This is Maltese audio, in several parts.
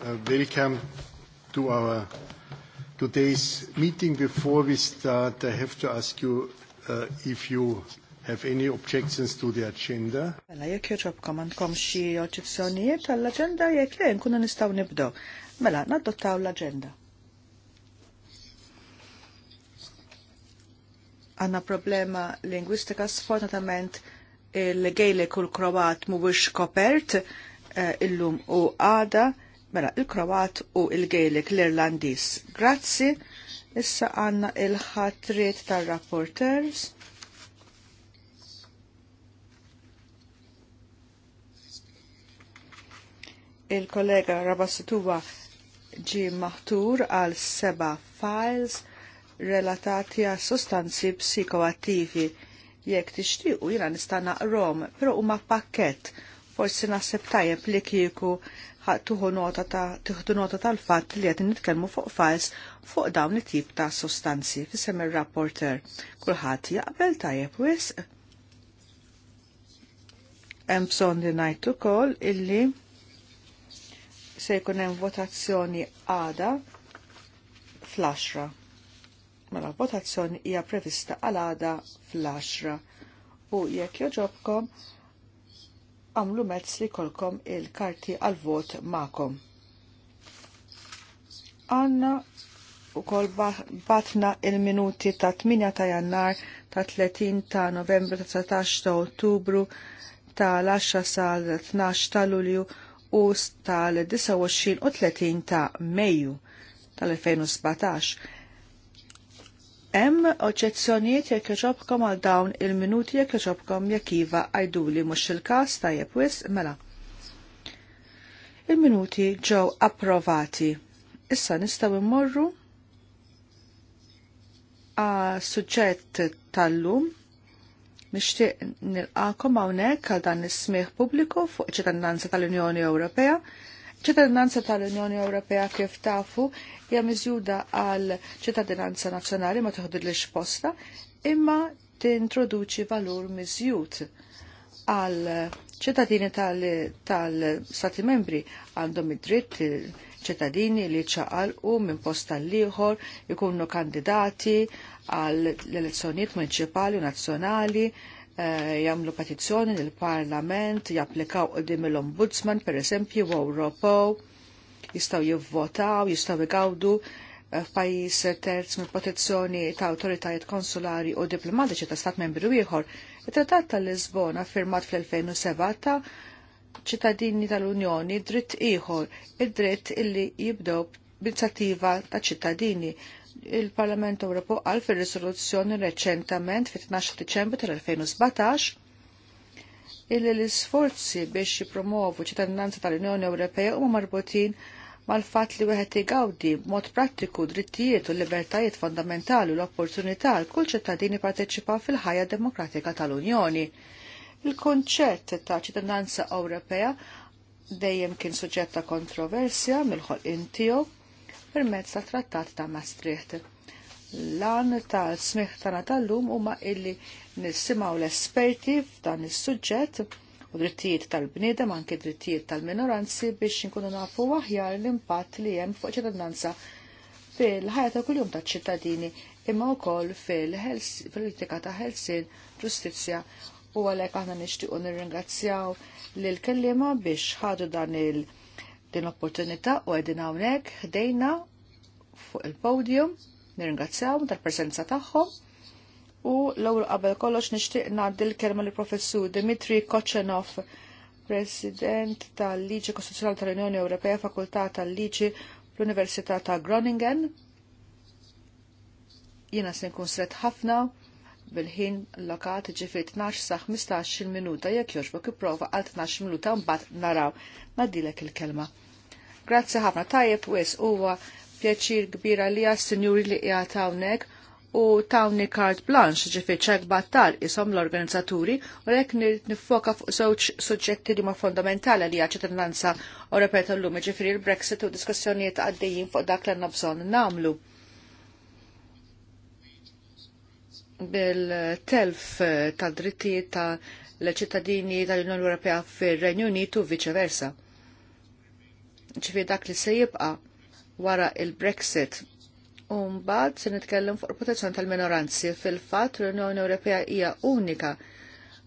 Uh, welcome to our today's meeting. Before we start, I have to ask you uh, if you have any objections to the agenda. Mela, jek joġobkom għandkom xi oġġezzjonijiet għall aġenda jekk le nkunu nistgħu nibdew. Mela, nadottaw l aġenda Għandna problema lingwistika sfortunatament il-gejlek u l-Kroat mhuwiex kopert eh, illum u għada mela il-Kroat u il-Gaelic l-Irlandis. Grazzi, issa għanna il-ħatriet tal-rapporters. il-kollega Rabassatuwa ġi maħtur għal seba files relatati għal sostanzi psikoattivi. Jekk tixtiequ jiena nista' naqrom, però huma pakket, forsi naħseb tajjeb li kieku tuħu nota ta' tiħdu nota tal-fatt li qed nitkelmu fuq files fuq dawn it-tip ta' sostanzi Fissem ir-rapporter. Kulħadd jaqbel tajjeb wisq. Hemm bżonn li ngħid ukoll illi se jkun hemm votazzjoni għada fl-10. Mela votazzjoni hija prevista għal għada fl-10. U jekk joġobkom, għamlu mezz li kolkom il-karti għal-vot ma'kom. Għanna u kol batna il-minuti ta' 8 ta' jannar ta' 30 ta' novembru ta' 19 ta' ottubru ta' 10 sal 12 ta' lulju u tal-29 u 30 ta' Mejju tal-2017 Hemm oġġezzjonijiet jekk iġobkom għal dawn il-minuti jekk iġobkom jekk iva għajduli mhux il-każ tajjeb wis mela. Il-minuti ġew approvati. Issa nistgħu immorru suġġett tal-lum nixtieq nilqakom hawnhekk għal dan is-smieħ pubbliku fuq ċittadinanza tal-Unjoni Ewropea ċittadinanza tal-Unjoni Ewropea kif tafu hija miżjuda għal ċittadinanza nazzjonali ma toħodilix posta imma tintroduċi valur miżjud għal ċittadini tal-Stati membri għandhom id-dritt ċittadini li ċaqalqu minn posta l liħor ikunu kandidati għal l-elezzjonijiet municipali u nazzjonali Eh, jamlu petizzjoni lill parlament japplikaw qdim l-Ombudsman, per esempio, u Ewropew, jistaw jivvotaw, jistaw jgawdu eh, f'pajjiż terz mill protezzjoni ta' awtoritajiet konsulari u diplomatiċi ta' stat membru ieħor. It-Trattat tal-Lisbona firmat fl-2007 ta' ċittadini tal-Unjoni dritt ieħor, id-dritt illi jibdew b'inizjattiva ta' ċittadini il-Parlament Ewropew għal fir-risoluzzjoni reċentament fit-12 Diċembru tal-2017 illi l-isforzi biex jipromovu ċittadinanza tal-Unjoni Ewropea huma marbutin mal-fatt li wieħed igawdi mod prattiku drittijiet u libertajiet fondamentali u l-opportunità l kull ċittadini parteċipa fil-ħajja demokratika tal-Unjoni. Il-konċett ta' ċittadinanza Ewropea dejjem kien suġġett ta' kontroversja mill-ħolqien tiegħu permezz ta' trattat ta' Maastricht. Lan tal-smiħ tagħna tal-lum huma illi nisimgħu l-esperti f'dan is-suġġett u drittijiet tal-bniedem anke drittijiet tal-minoranzi biex nkunu nafu aħjar l-impatt li hemm fuq ċittadinanza fil-ħajja ta' kuljum taċ-ċittadini imma wkoll fil-politika ta' ħelsin, ġustizzja u għalhekk aħna nixtiequ nirringrazzjaw l kelliema biex ħadu dan il- din l-opportunità u għedin hawnhekk ħdejna fuq il-podium nirringrazzjaw tal-presenza tagħhom u l-ewwel qabel kollox nixtieq ngħaddi l-kelma lill professur Dimitri Koċenov, President tal-Liġi Kostituzzjonali tal-Unjoni Ewropea Fakultà tal-Liġi fl-Università ta' Groningen. Jiena se nkun sret ħafna bil-ħin lokat ġifir 12 sa 15 minuta jekk joġbok iprova għal 12 minuta mbagħad naraw nadilek il-kelma. Grazzi ħafna tajjeb wis huwa pjaċir kbira li għas-sinjuri li qiegħed hawnhekk u tawni kart blanche ġifir ċek battal isom l-organizzaturi u rek nifoka fuq żewġ suġġetti li ma fondamentali li ċittadinanza u repetu l-lum ġifir il-Brexit u diskussjonijiet għaddejjin fuq dak l-nabżon bżonn nagħmlu bil-telf tal dritti ta' l-ċittadini tal-Unjoni Ewropea fir-Renju Unitu viċeversa. Ġifi dak li se jibqa' wara il-Brexit. U mbagħad se nitkellem fuq protezzjoni tal-minoranzi. Fil-fatt l-Unjoni Ewropea hija unika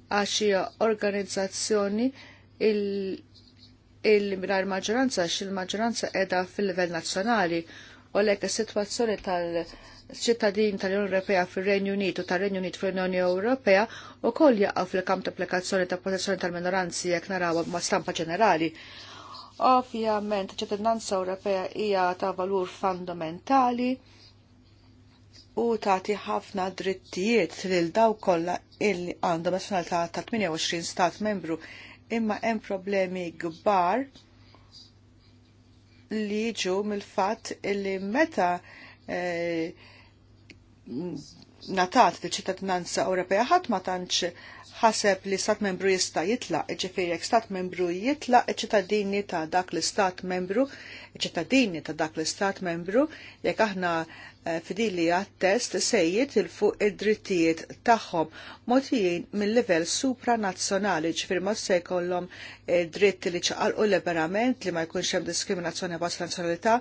għax hija organizzazzjoni il- il-minar maġġoranza xil maġġoranza qiegħda fil-livell nazzjonali U l is-sitwazzjoni tal-ċittadin tal-Unjoni Ewropea fir-Renju Unit u tar-Renju Unit fil-Unjoni Ewropea wkoll jaqgħu fil-kamp ta' applikazzjoni ta' protezzjoni tal-minoranzi jekk narawha ma' stampa ġenerali. Ovvjament, ċittadinanza Ewropea hija ta' valur fondamentali u tagħti ħafna drittijiet lil daw kollha illi għandhom nazzjonalità ta' 28 stat membru imma hemm problemi kbar li jiġu mill-fatt eh, li meta natat il ċittadinanza Ewropea ħadd ma tantx ħaseb li stat membru jista' jitlaq, ġifieri jekk stat membru jitla iċ-ċittadini ta' dak l-istat membru, iċ-ċittadini ta' dak l-istat membru, jekk aħna eh, fidili għattest test se fuq id-drittijiet tagħhom motijin mill-livell supranazzjonali ġifir ma se jkollhom eh, dritt li ċaqalqu liberament li ma jkunx hemm diskriminazzjoni bas nazzjonalità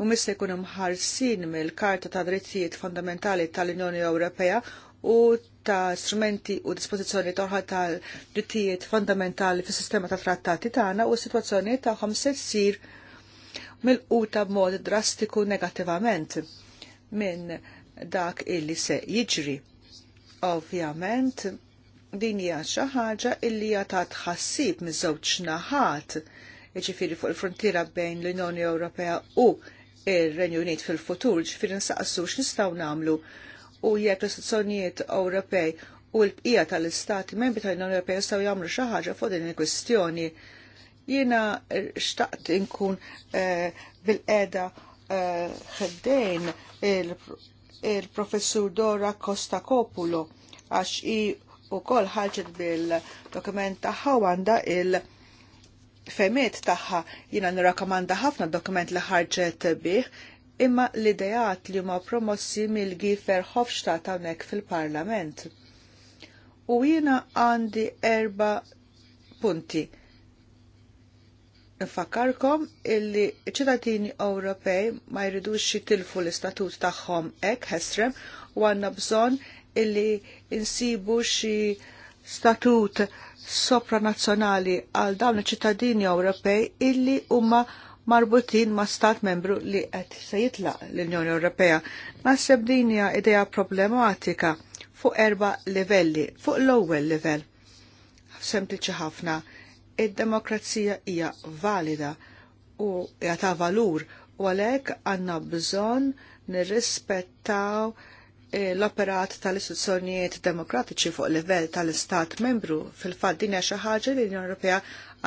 u se jkunu mħarsin mill-Karta ta' Drittijiet Fundamentali tal-Unjoni Ewropea u ta' strumenti u dispożizzjoni toħra tal-drittijiet fondamentali fis sistema ta' trattati tagħna u s-sitwazzjoni tagħhom se ssir mill-quta b'mod drastiku negattivament minn dak illi se jiġri. Ovvjament, din hija xi ħaġa illi hija ta' tħassib miż-żewġ naħat, jiġifieri fuq il-frontiera bejn l-Unjoni Ewropea u ir-Renju Unit fil-futur, ġifieri nsaqsu x'nistgħu nagħmlu u jekk l-istituzzjonijiet Ewropej u l-bqija tal-Istati membri tal-Unjoni Ewropej jistgħu jagħmlu xi ħaġa fuq din il-kwistjoni. Jiena xtaqt inkun eh, bil-qeda eh, ħeddejn il-professur Dora Costa Copulo għax i u kol ħalġet bil-dokument taħħa għanda il- femiet taħħa jina nirakamanda ħafna dokument li ħarġet bih imma l-ideat li huma promossi mill-Gifer Hofstadt hawnhekk fil-Parlament. U jiena għandi erba punti. Nfakkarkom illi ċittadini Ewropej ma jridux jitilfu l-istatut tagħhom hekk ħesrem u għandna bżonn illi insibu xi statut sopranazzjonali għal dawn iċ-ċittadini Ewropej illi huma marbutin ma' stat membru li qed se jitlaq l-Unjoni Ewropea. Naħseb din hija idea problematika fuq erba' livelli, fuq l-ewwel livell. Sempliċi ħafna, id-demokrazija hija valida u hija ta' valur u għalhekk għandna bżonn nirrispettaw Eh, l-operat tal-istituzzjonijiet demokratiċi fuq livell tal-Istat membru fil-fatt din xi ħaġa li l-Unjoni Ewropea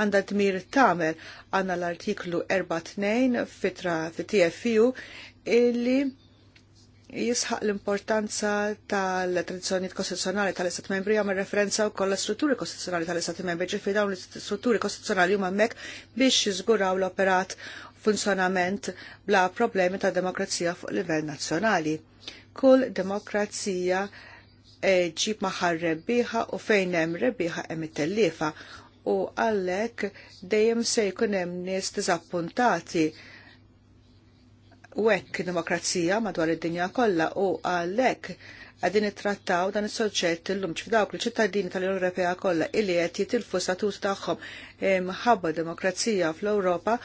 għandha dmir tagħmel għandna l-artiklu 4.2 fitra fit-TFU illi jisħaq l-importanza tal-tradizzjonijiet kostituzzjonali tal-Istat membri jagħmel referenza wkoll l strutturi kostituzzjonali tal-Istat membri ġifi dawn l-istrutturi kostituzzjonali huma hemmhekk biex jiżguraw l-operat funzjonament bla problemi ta' demokrazija fuq livell nazzjonali kull demokrazija e, ġib maħar rebbiħa u fejn hemm rebbiħa hemm it-tellifa u għalhekk dejjem se jkun hemm nies diżappuntati u hekk demokrazija madwar id-dinja kollha u għalhekk għadin ittrattaw dan is-soġġett illum ċfidawk li ċittadini tal-Unjoni Ewropea kollha illi qed jitilfu statut tagħhom ħabba demokrazija fl-Ewropa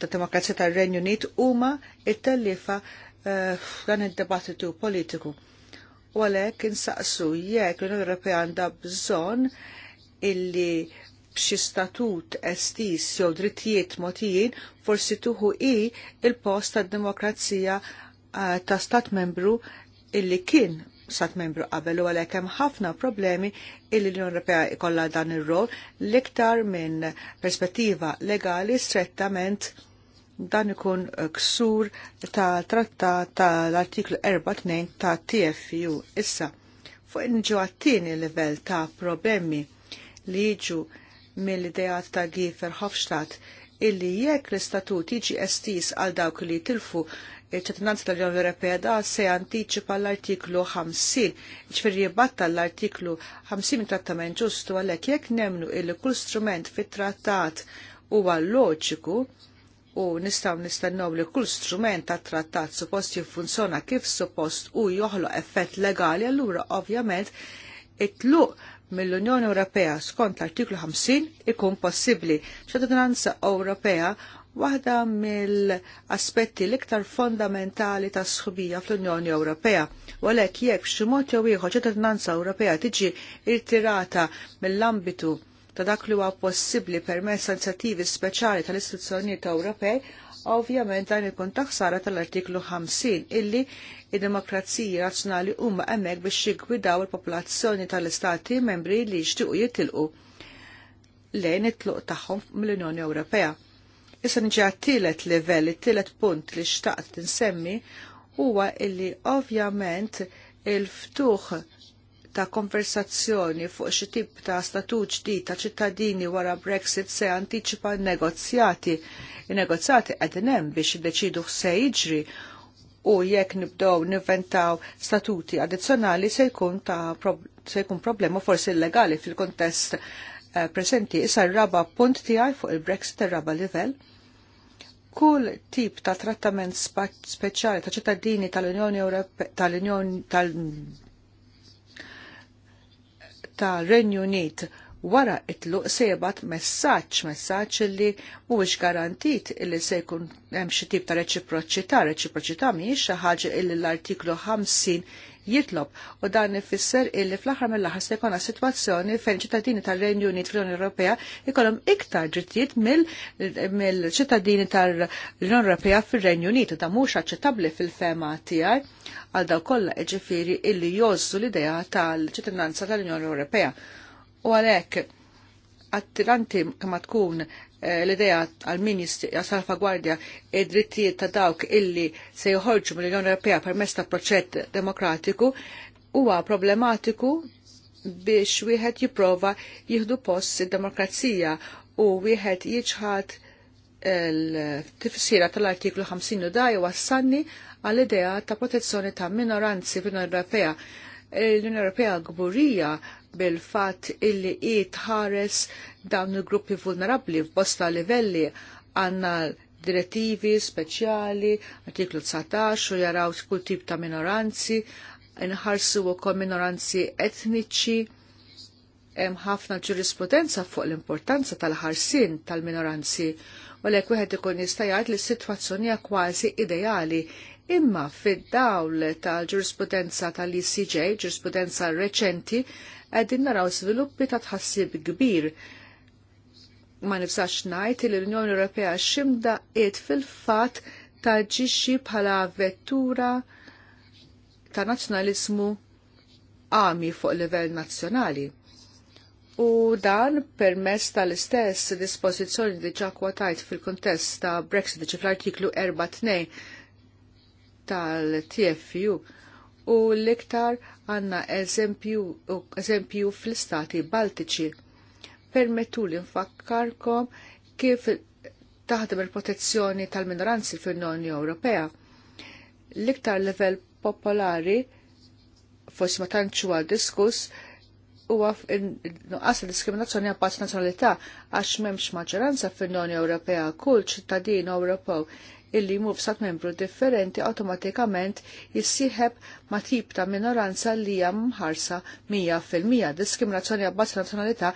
tad-demokrazija tar-Renju Unit huma it-tellifa f'dan eh, id-debattitu politiku. U għalhekk insaqsu jekk l-Unjoni Ewropea għandha bżonn illi b'xi statut estis jew drittijiet motijin forsi tuħu i il-post tad-demokrazija eh, ta' stat membru illi kien stat membru qabel u għalhekk hemm ħafna problemi illi l-Unjoni Ewropea ikollha dan ir-rol l-iktar minn perspettiva legali strettament dan ikun eh, ksur ta' trattat tal-artiklu 4.2 ta' TFU. Issa, fuq inġu għattini livell ta' problemi li jiġu mill-idejat ta' Gifer Hofstadt illi jekk l-istatut jiġi estis għal dawk li tilfu il-ċittadinanza tal-Unjoni Ewropea da se jantiċipa l-artiklu 50, ċfirri jibatta l-artiklu 50 trattament ġustu għalhekk jekk nemnu illi kull strument fit-trattat huwa loġiku, u nistaw nistennew li kull strument ta' trattat suppost jiffunzjona kif suppost u joħloq effett legali allura ovvjament it-tluq mill-Unjoni Ewropea skont l-artiklu 50 ikun possibbli. ċittadinanza Ewropea waħda mill-aspetti l-iktar fondamentali ta' sħubija fl-Unjoni Ewropea. Walek jekk xi mod jew ieħor ċittadinanza Ewropea tiġi irtirata mill-ambitu ta' dak li huwa possibbli permezz inizjattivi speċjali tal-istituzzjonijiet Ewropej, ovvjament dan ikun taħsara tal-artiklu 50 illi id-demokrazija nazzjonali huma hemmhekk biex jiggwidaw il-popolazzjoni tal-istati membri li jixtiequ jitilqu lejn it-tluq tagħhom mill-Unjoni Ewropea. Issa niġi għat-tielet livell, it-tielet punt li xtaqt insemmi huwa illi ovvjament il-ftuħ ta' konversazzjoni fuq xi tip ta' statut ġdid ta' ċittadini wara Brexit se antiċipa negozjati. Il-negozjati qegħdin hemm biex jiddeċidu se jiġri u jekk nibdew nivventaw statuti addizzjonali se jkun ta' prob se jkun problema forsi illegali fil-kontest uh, presenti issa r-raba punt tiegħi fuq il-Brexit ir-raba livell kull tip ta' trattament speċjali ta' ċittadini tal-Unjoni tal-Unjoni tal ta' Renju Unit wara itlu sebat messaġġ messaġġ li mhuwiex garantit li se jkun hemm xi tip ta' reċiproċità, reċiproċità mhijiex xi ħaġa illi l-artiklu 50 jitlob u dan ifisser illi fl-aħħar mill-aħħar se jkollna sitwazzjoni fejn ċittadini tal-Renju Unit fl-Unjoni Ewropea jkollhom iktar ġrittijiet mill-ċittadini tal-Unjoni Ewropea fir-Renju Unit u dan mhux aċċettabbli fil-fema tiegħi għal daw kollha ġifieri illi jozzu l-idea tal-ċittadinanza tal-Unjoni Ewropea. U għalhekk attiranti kemm tkun Eh, l-ideja għal min salfagwardja id-drittijiet ta' dawk illi se joħorġu mill-Unjoni Ewropea permezz ta' proċett demokratiku huwa problematiku biex wieħed jipprova jieħdu post id-demokrazija u wieħed jiġħad l-tifsira tal-artiklu 50 daj wassanni għall-idea ta' protezzjoni ta' minoranzi fil unjoni Ewropea l-Unjoni Ewropea gburija bil-fat illi jiet ħares dawn il-gruppi vulnerabli f'bosta livelli għanna direttivi speċjali, artiklu 19, u jaraw kull tip ta' minoranzi, nħarsu u kol minoranzi etniċi, hemm ħafna ġurisprudenza fuq l-importanza tal-ħarsin tal-minoranzi, u l wieħed ikun jista' jgħid li s-sitwazzjoni kważi ideali imma fid-dawl tal-ġurisprudenza tal-ICJ, ġurisprudenza reċenti, għedin naraw sviluppi ta' tħassib kbir. Ma nifsax najt li l-Unjoni Ewropea ximda id fil-fat ta' ġiġi bħala vettura ta' nazjonalizmu għami fuq livell nazzjonali. U dan permess tal-istess dispożizzjoni diġa kwatajt fil-kontest ta' Brexit ġi artiklu 4.2 tal-TFU u l-iktar għanna eżempju fl-istati baltiċi. Permettu li nfakkarkom kif taħdem il-protezzjoni tal-minoranzi fil-Unjoni Ewropea. L-iktar level popolari, forsi ma tantxu għal diskuss, huwa nuqqas diskriminazzjoni għabbaż nazzjonalità għax m'hemmx maġġoranza fil-Unjoni Ewropea kull ċittadin Ewropew illi mu b'sat membru differenti automatikament jissieħeb ma tip ta' minoranza li hija mħarsa 100%. Diskriminazzjoni għabbas nazzjonalità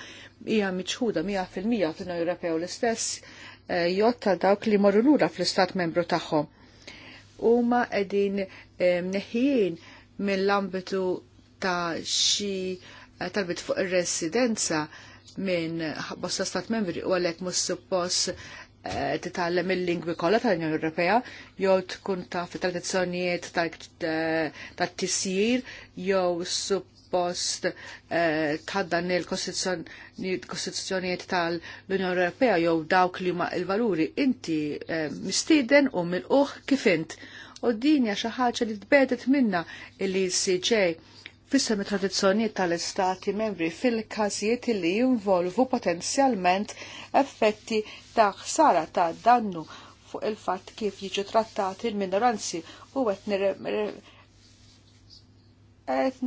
hija miċħuda 100% fil-mija Ewropea l-istess eh, jotta dawk li morru lura fl-istat membru tagħhom. Huma qegħdin eh, mneħħijin mill-ambitu ta' xi eh, talbit fuq ir-residenza minn bosta stat membri u għalek mus suppost Eh, titgħallem il-lingwi kollha tal-Unjoni Ewropea, jew tkun taf it-tradizzjonijiet tat-tisjir, eh, jew suppost eh, tħaddan il-kostituzzjonijiet tal-Unjoni Ewropea jew dawk li huma l-valuri inti mistieden u mill-uħ kif int. U din hija xi ħaġa li tbedet minna il-CJ fissem tradizzjonijiet tal-Istati membri fil-każijiet li jinvolvu potenzjalment effetti ta' ħsara ta' dannu fuq il-fatt kif jiġu trattati il-minoranzi u qed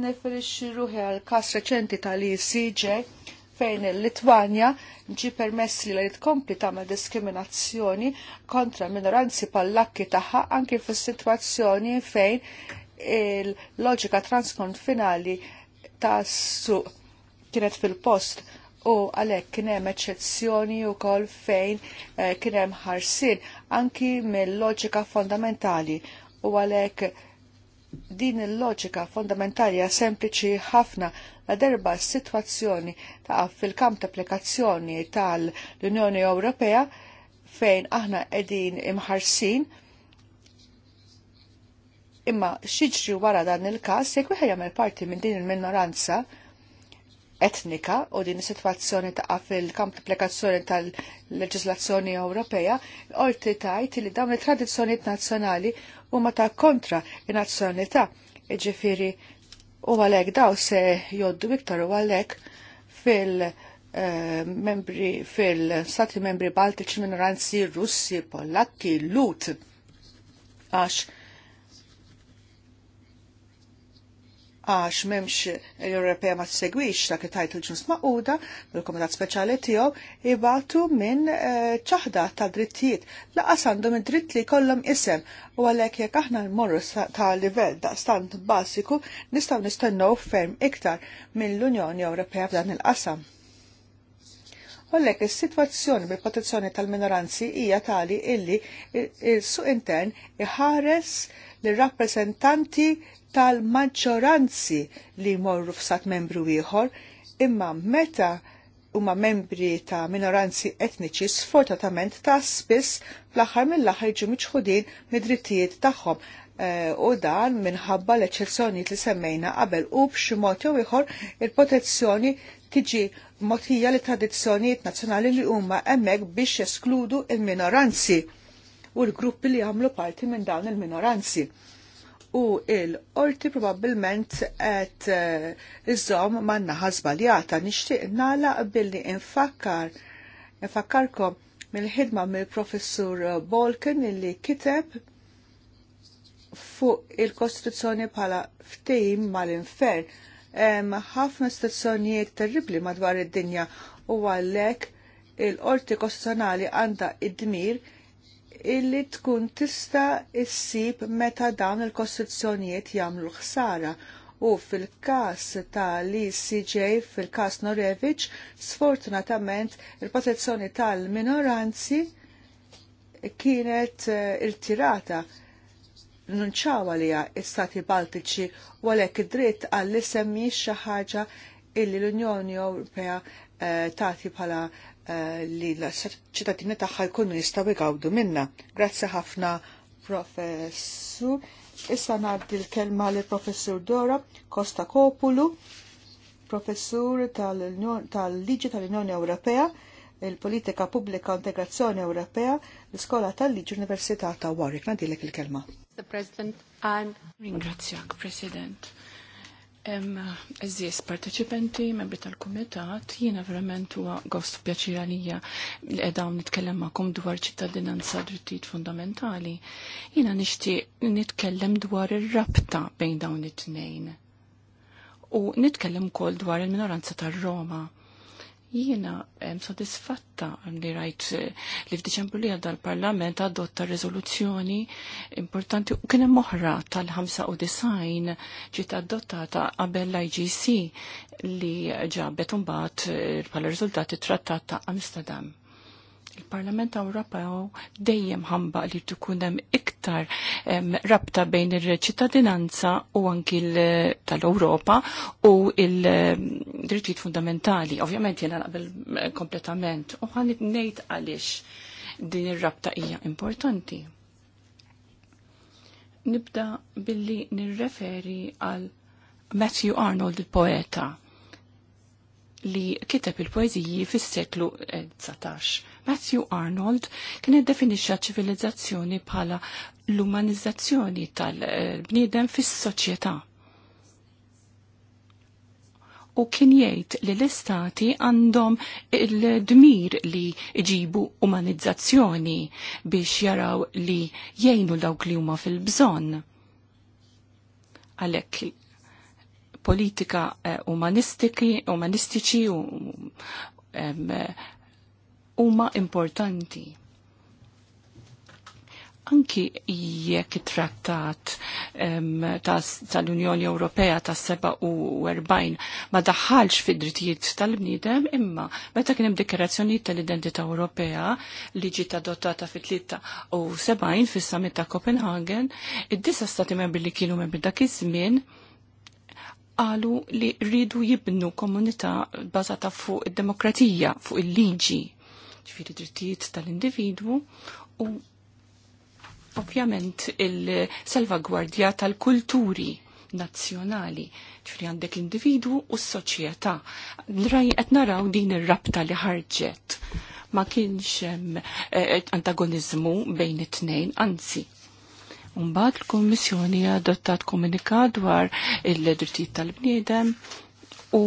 nifirixxi ruħi għal każ reċenti tal-ECJ fejn il-Litwanja ġi permess li tkompli tagħmel diskriminazzjoni kontra minoranzi pal pal-lakki tagħha anke fis-sitwazzjoni fejn il-loġika transkonfinali ta' suq kienet fil-post u għalek kienem eccezzjoni u kol fejn eh, kienem ħarsin anki mill-loġika fondamentali u għalek din il-loġika fondamentali sempliċi ħafna la derba situazzjoni ta' fil-kamp ta' applikazzjoni tal-Unjoni Ewropea fejn aħna edin imħarsin Imma xiġri wara dan il-każ jekk wieħed jagħmel parti minn din il-minoranza etnika u din is-sitwazzjoni ta' fil-kamp applikazzjoni tal-leġislazzjoni Ewropea, qorti tajt li dawn it-tradizzjonijiet nazzjonali huma ta' kontra in nazzjonità Ġifieri u għalhekk daw se joddu iktar u għalhekk fil- eh, membri fil-stati membri baltiċi minoranzi russi, polakki, lut. Għax għax memx l-Ewropea eh, ma t-segwix ta' kitajt il-ġus maquda bil-Komitat Speċjali tiegħu ibatu minn eh, ċaħda ta' drittijiet. Laqas għandhom id-dritt li kollhom isem u għalhekk jekk aħna l-morru ta' livell da' stand basiku nistgħu nistennew ferm iktar l unjoni Ewropea f'dan il-qasam. Għallek, il-situazzjoni bil-protezzjoni tal-minoranzi hija tali illi il-suq intern iħares l-rappresentanti tal-maġġoranzi li jmorru f'sat membru ieħor, imma meta huma membri ta' minoranzi etniċi sfortatament ta' spiss fl-aħħar mill-aħħar ġu miċħudin mid-drittijiet tagħhom eh, u dan minħabba l eċċezzjonijiet li semmejna qabel u b'xi mod jew ieħor il-protezzjoni tiġi motija li tradizzjonijiet nazzjonali li huma hemmhekk biex jeskludu il-minoranzi u l-gruppi li jagħmlu parti minn dawn il-minoranzi u il-orti probabbilment qed eh, iżom man-naħa żbaljata nixtieq billi infakkar infakkarkom mill-ħidma mill-professur Bolken illi kiteb fuq il-kostituzzjoni bħala ftehim mal-infern. Ħafna istituzzjonijiet terribli madwar id-dinja u għalhekk il-qorti kostituzzjonali għandha id-dmir id dmir illi tkun tista issib meta dawn il-kostruzzjonijiet jagħmlu ħsara u fil-kas ta' li CJ fil-kas Norevich, sfortunatament il-protezzjoni tal-minoranzi kienet eh, irtirata nunċawa li istati baltiċi u għalek dritt għall-isem xi ħaġa illi l-Unjoni Ewropea eh, tagħti bħala li l-ċittadini tagħha jkunu jistgħu jgawdu minna. Grazzi ħafna professur. Issa ngħaddi l-kelma li professur Dora Costa Kopulu, professur tal-Liġi tal-Unjoni Ewropea, il-Politika Pubblika Integrazzjoni Ewropea, l-Iskola tal-Liġi Università ta' Warwick. Nadilek il-kelma. Ringrazzjak, President. Eżis, partecipanti, membri tal-komitat, jiena verament huwa gost pjaċir għalija li qedaw nitkellem magħkom dwar ċittadinanza drittijiet fundamentali. Jiena nixtieq nitkellem dwar ir-rabta bejn dawn it-tnejn. U nitkellem ukoll dwar il-minoranza tar-Roma Jiena hemm sodisfatta li rajt eh, li f'Diċembru li għadda l-Parlament adotta rezoluzzjoni importanti u kien hemm oħra tal-95 ġiet adottata qabel l-IGC li ġabet imbagħad eh, bħala riżultati trattat ta' Amsterdam il-Parlament Ewropew dejjem ħamba li tkun hemm iktar rabta bejn ir-ċittadinanza u anki tal-Ewropa u il-drittijiet fundamentali. Ovvjament jiena naqbel kompletament u ħan ngħid għaliex din ir-rabta hija importanti. Nibda billi nirreferi għal Matthew Arnold il-poeta li kiteb il-poeziji fis-seklu 19 Matthew Arnold kien iddefinixxa ċivilizzazzjoni bħala l-umanizzazzjoni tal-bniedem fis-soċjetà. U kien jgħid li l-istati għandhom il-dmir li jġibu umanizzazzjoni biex jaraw li jgħinu dawk li huma fil-bżonn. Għalhekk politika eh, umanistiċi u um, huma importanti. Anki jekk it-trattat tal-Unjoni Ewropea tas-47 ma daħħalx fid-drittijiet tal-bniedem imma meta kien hemm dikjarazzjoni tal-identità Ewropea li ġiet adottata fit-73 fis-summit ta' Copenhagen, id-disa stati membri li kienu membri dak iż-żmien qalu li rridu jibnu komunità bazata fuq id-demokratija, fuq il-liġi ġifiri drittijiet tal-individwu u ovvjament il-salvagwardja tal-kulturi nazzjonali, ġifiri għandek l-individwu u s-soċjetà. Raj qed naraw din ir-rabta li ħarġet. Ma kienx hemm eh, eh, antagonizmu bejn it-tnejn, anzi. Mbagħad il-Kummissjoni adottat komunikat dwar il-drittijiet tal-bniedem u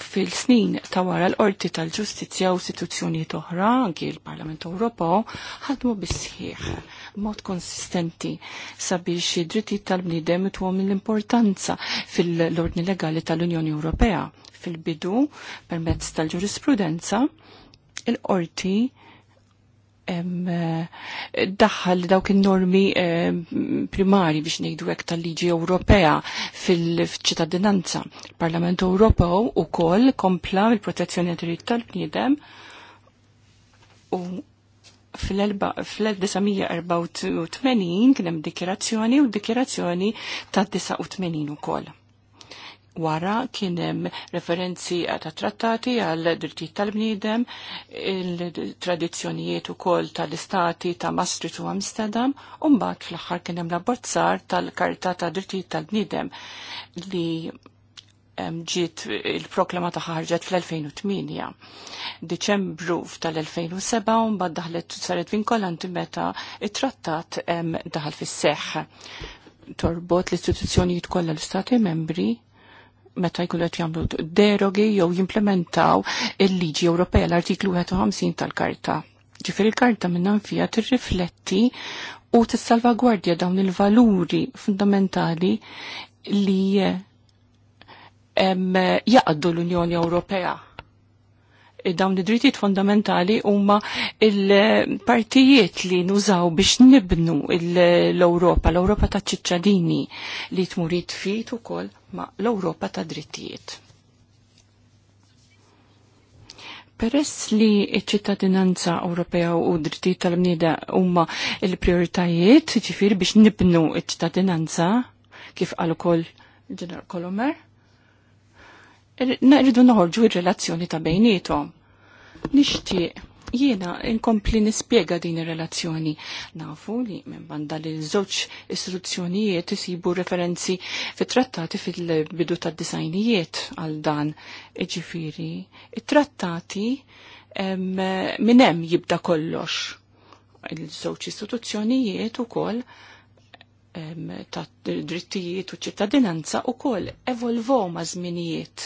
fil-snin ta' wara l-qorti tal-ġustizzja u istituzzjonijiet oħra, anki l-Parlament Ewropew, ħadmu bis-sħiħ b'mod konsistenti sabiex id-drittijiet tal-bniedem itwhom l-importanza fil-ordni legali tal-Unjoni Ewropea. Fil-bidu, permezz tal-ġurisprudenza, il-qorti Eh, daħħal dawk il-normi eh, primari biex nejdu hekk tal-liġi Ewropea fil-ċittadinanza. parlament Ewropew ukoll kompla il-protezzjoni dritt tal-bniedem u fl-1984 kien hemm u dikjerazzjoni ta' 89 ukoll wara kien hemm referenzi ta' trattati għal drittijiet tal-bniedem, il-tradizzjonijiet ukoll tal-istati ta' Maastricht u Amsterdam, u mbagħad fl-aħħar kien hemm l-abbozzar tal-Karta ta' Drittijiet tal-Bniedem li ġiet il-proklama ta' ħarġet fl-2008. Deċembru tal-2007 mbagħad daħlet saret vinkolanti meta it-trattat daħal fis-seħħ torbot l-istituzzjonijiet kollha l istati membri meta jkun qed jagħmlu derogi jew jimplementaw il-liġi Ewropea l-artiklu 51 tal-Karta. Ġifier il-Karta minnhom fija tirrifletti u tissalvagwardja dawn il-valuri fundamentali li eh, jaqdu l-Unjoni Ewropea dawn id-drittijiet fundamentali huma il-partijiet li nużaw biex nibnu l-Ewropa, l-Ewropa ta' ċittadini li tmurit fit ukoll ma' l-Ewropa ta' drittijiet. Peress li ċittadinanza Ewropea u drittijiet tal-bnieda huma l-prioritajiet ġifir biex nibnu ċittadinanza kif qal ukoll ġeneral Kolomer Nridu noħorġu il relazzjoni ta' bejnietom. Nixtieq jiena inkompli nispjega din ir-relazzjoni. Nafu li minn banda li żewġ istruzzjonijiet isibu referenzi fit-trattati fil-bidu tad disajnijiet għal dan. iġifiri. it-trattati minn hemm jibda kollox. Il-żewġ istituzzjonijiet ukoll ta' drittijiet u ċittadinanza u koll evolvow ma' zminijiet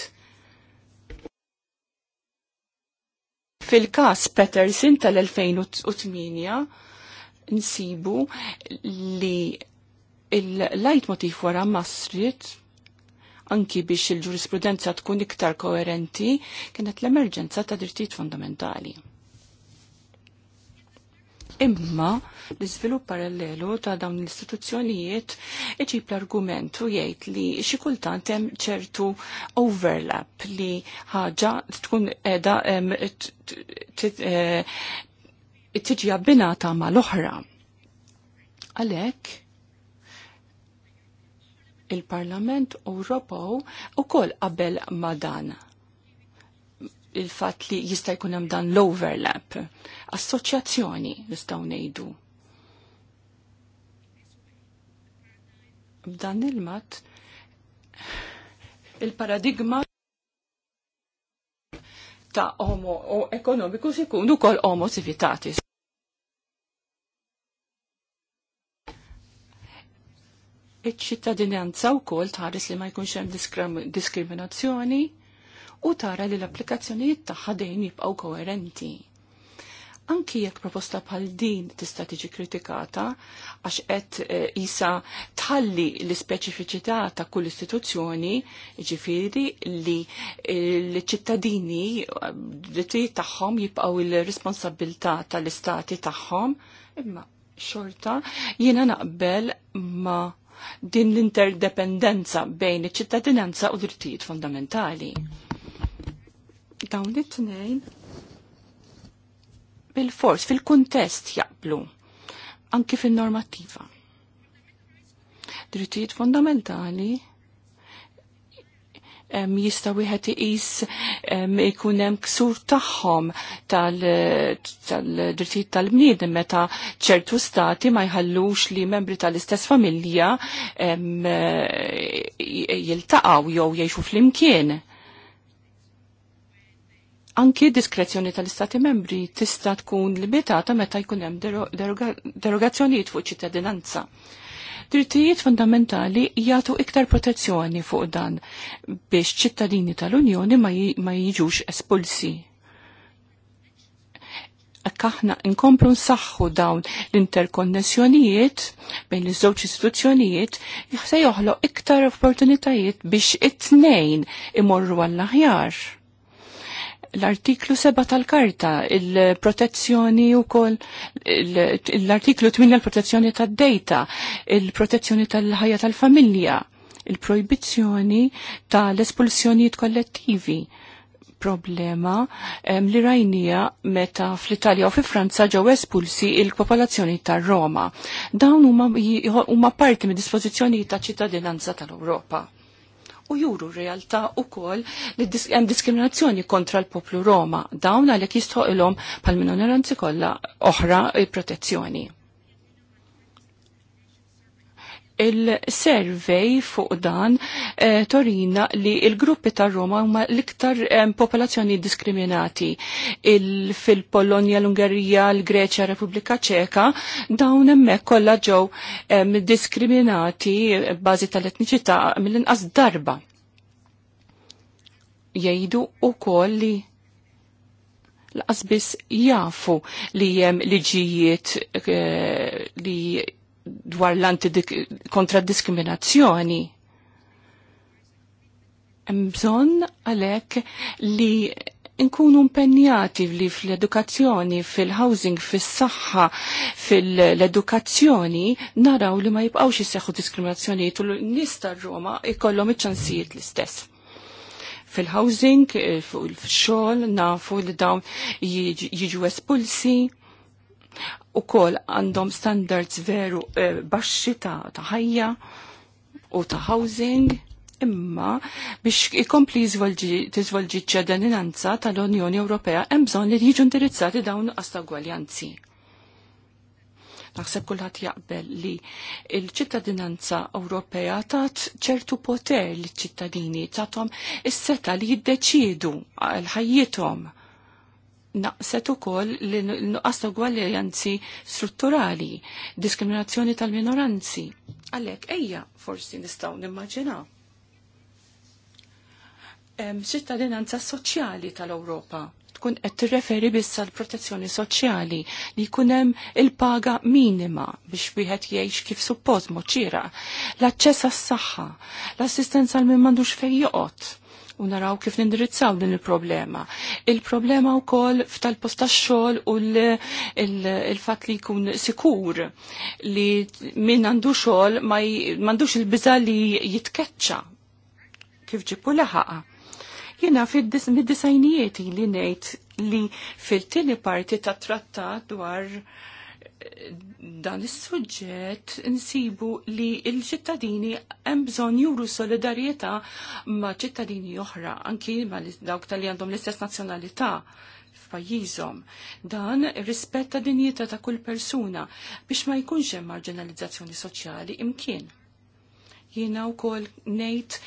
Fil-kas Peterson tal-2008 nsibu li il-lajt motif wara masrit anki biex il-ġurisprudenza tkun iktar koerenti kienet l-emerġenza ta' drittijiet fundamentali imma l-iżvilupp parallelu ta' dawn l-istituzzjonijiet iġib l-argument u jgħid li xi kultant hemm ċertu overlap li ħaġa tkun qiegħda e, tiġi abbinata ma' l-oħra. Għalhekk il-Parlament Ewropew ukoll qabel ma' dan il-fat li jista' jkun hemm dan l-overlap. Assoċjazzjoni nistgħu ngħidu. B'dan il-mat il-paradigma ta' homo o ekonomiku se kol homo civitatis. Iċ-ċittadinanza wkoll tħares li ma jkunx hemm diskriminazzjoni u tara li l-applikazzjonijiet tagħha dejjem jibqgħu koerenti. Anki jekk proposta bħal din tista' tiġi kritikata għax qed eh, isa tħalli l-ispeċifiċità ta' kull istituzzjoni, ġifieri li eh, l-ċittadini eh, li tagħhom jibqgħu l responsabilità tal-istati tagħhom, imma xorta jiena naqbel ma' din l-interdependenza bejn iċ-ċittadinanza u drittijiet fundamentali dawn it-tnejn bil-fors, fil-kuntest jaqblu, anki fil-normativa. Drittijiet fondamentali jista wieħed iqis ikun hemm ksur tagħhom tal-drittijiet tal-bniedem meta ċertu stati ma jħallux li membri tal-istess familja jiltaqgħu jew jgħixu flimkien anki diskrezzjoni tal-Istati membri tista' tkun limitata meta jkun hemm derogazzjonijiet fuq ċittadinanza. Drittijiet fundamentali jagħtu iktar protezzjoni fuq dan biex ċittadini tal-Unjoni ma jiġux espulsi. Ekk aħna nkomplu nsaħħu dawn l-interkonnessjonijiet bejn iż-żewġ istituzzjonijiet se joħloq iktar opportunitajiet biex it-tnejn imorru għall-aħjar l-artiklu 7 tal-karta, il-protezzjoni u kol, l-artiklu 8 l-protezzjoni tad-data, il-protezzjoni tal-ħajja tal-familja, il-proibizzjoni tal-espulsjonijiet kollettivi problema em, li rajnija meta fl-Italja u fi Franza ġew espulsi il-popolazzjoni tar Roma. Dawn huma parti mid-dispożizzjoni ta' ċittadinanza tal-Ewropa u juru realtà ukoll li hemm diskriminazzjoni kontra l-poplu Roma dawn għalhekk jistħoqilhom bħal minoranzi kollha oħra protezzjoni il-survey fuq dan eh, torina li il-gruppi ta' Roma huma l-iktar eh, popolazzjoni diskriminati fil-Polonja, l-Ungerija, l-Greċja, Repubblika Ċeka, dawn hemmhekk kollha ġew eh, diskriminati bażi tal-etniċità mill-inqas darba. Jgħidu wkoll li l-qasbis jafu li jem liġijiet eh, li dwar l-anti kontra diskriminazzjoni. Mżon għalek li nkunu impenjati li fl-edukazzjoni, fil-housing, fil-saħħa, fil-edukazzjoni, naraw li ma jibqawx jisseħu diskriminazzjoni u n-nis roma ikollhom iċ-ċansijiet l-istess. Fil-housing, eh, fil-xogħol, nafu li dawn jiġu espulsi, u kol għandhom standards veru eh, baxxi ta' ħajja u ta' housing imma biex ikompli tiżvolġi ċedeninanza tal-Unjoni Ewropea hemm bżonn li jiġu indirizzati dawn għastagwaljanzi. Naħseb kulħadd jaqbel li l-ċittadinanza Ewropea tat ċertu poter liċ ċittadini tagħhom is-seta li jiddeċiedu għal ħajjithom naqset ukoll li nuqqas ta' strutturali, diskriminazzjoni tal-minoranzi. Għalhekk ejja forsi nistgħu nimmaġinaw. Ċittadinanza soċjali tal-Ewropa tkun qed tirreferi biss għall protezzjoni soċjali li jkun hemm il-paga minima biex wieħed jgħix kif suppost moċira, l-aċċess għas-saħħa, l-assistenza għal min m'għandux fejn joqgħod u naraw kif nindirizzaw din il-problema. Il-problema u kol ftal posta tax-xogħol u l-fatt li jkun sikur li min għandu xogħol ma għandux il-biża li jitkeċċa kif ġipu laħaqa. Jiena fil disajnijiet li ngħid li fil-tieni parti ta' trattat dwar dan is-suġġett insibu li l-ċittadini hemm bżonn juru solidarjetà ma' ċittadini oħra, anki ma' dawk tal-li għandhom l-istess nazzjonalità f'pajjiżhom. Dan ta' dinjità ta' kull persuna biex ma jkunx hemm marginalizzazzjoni soċjali imkien jiena wkoll ngħid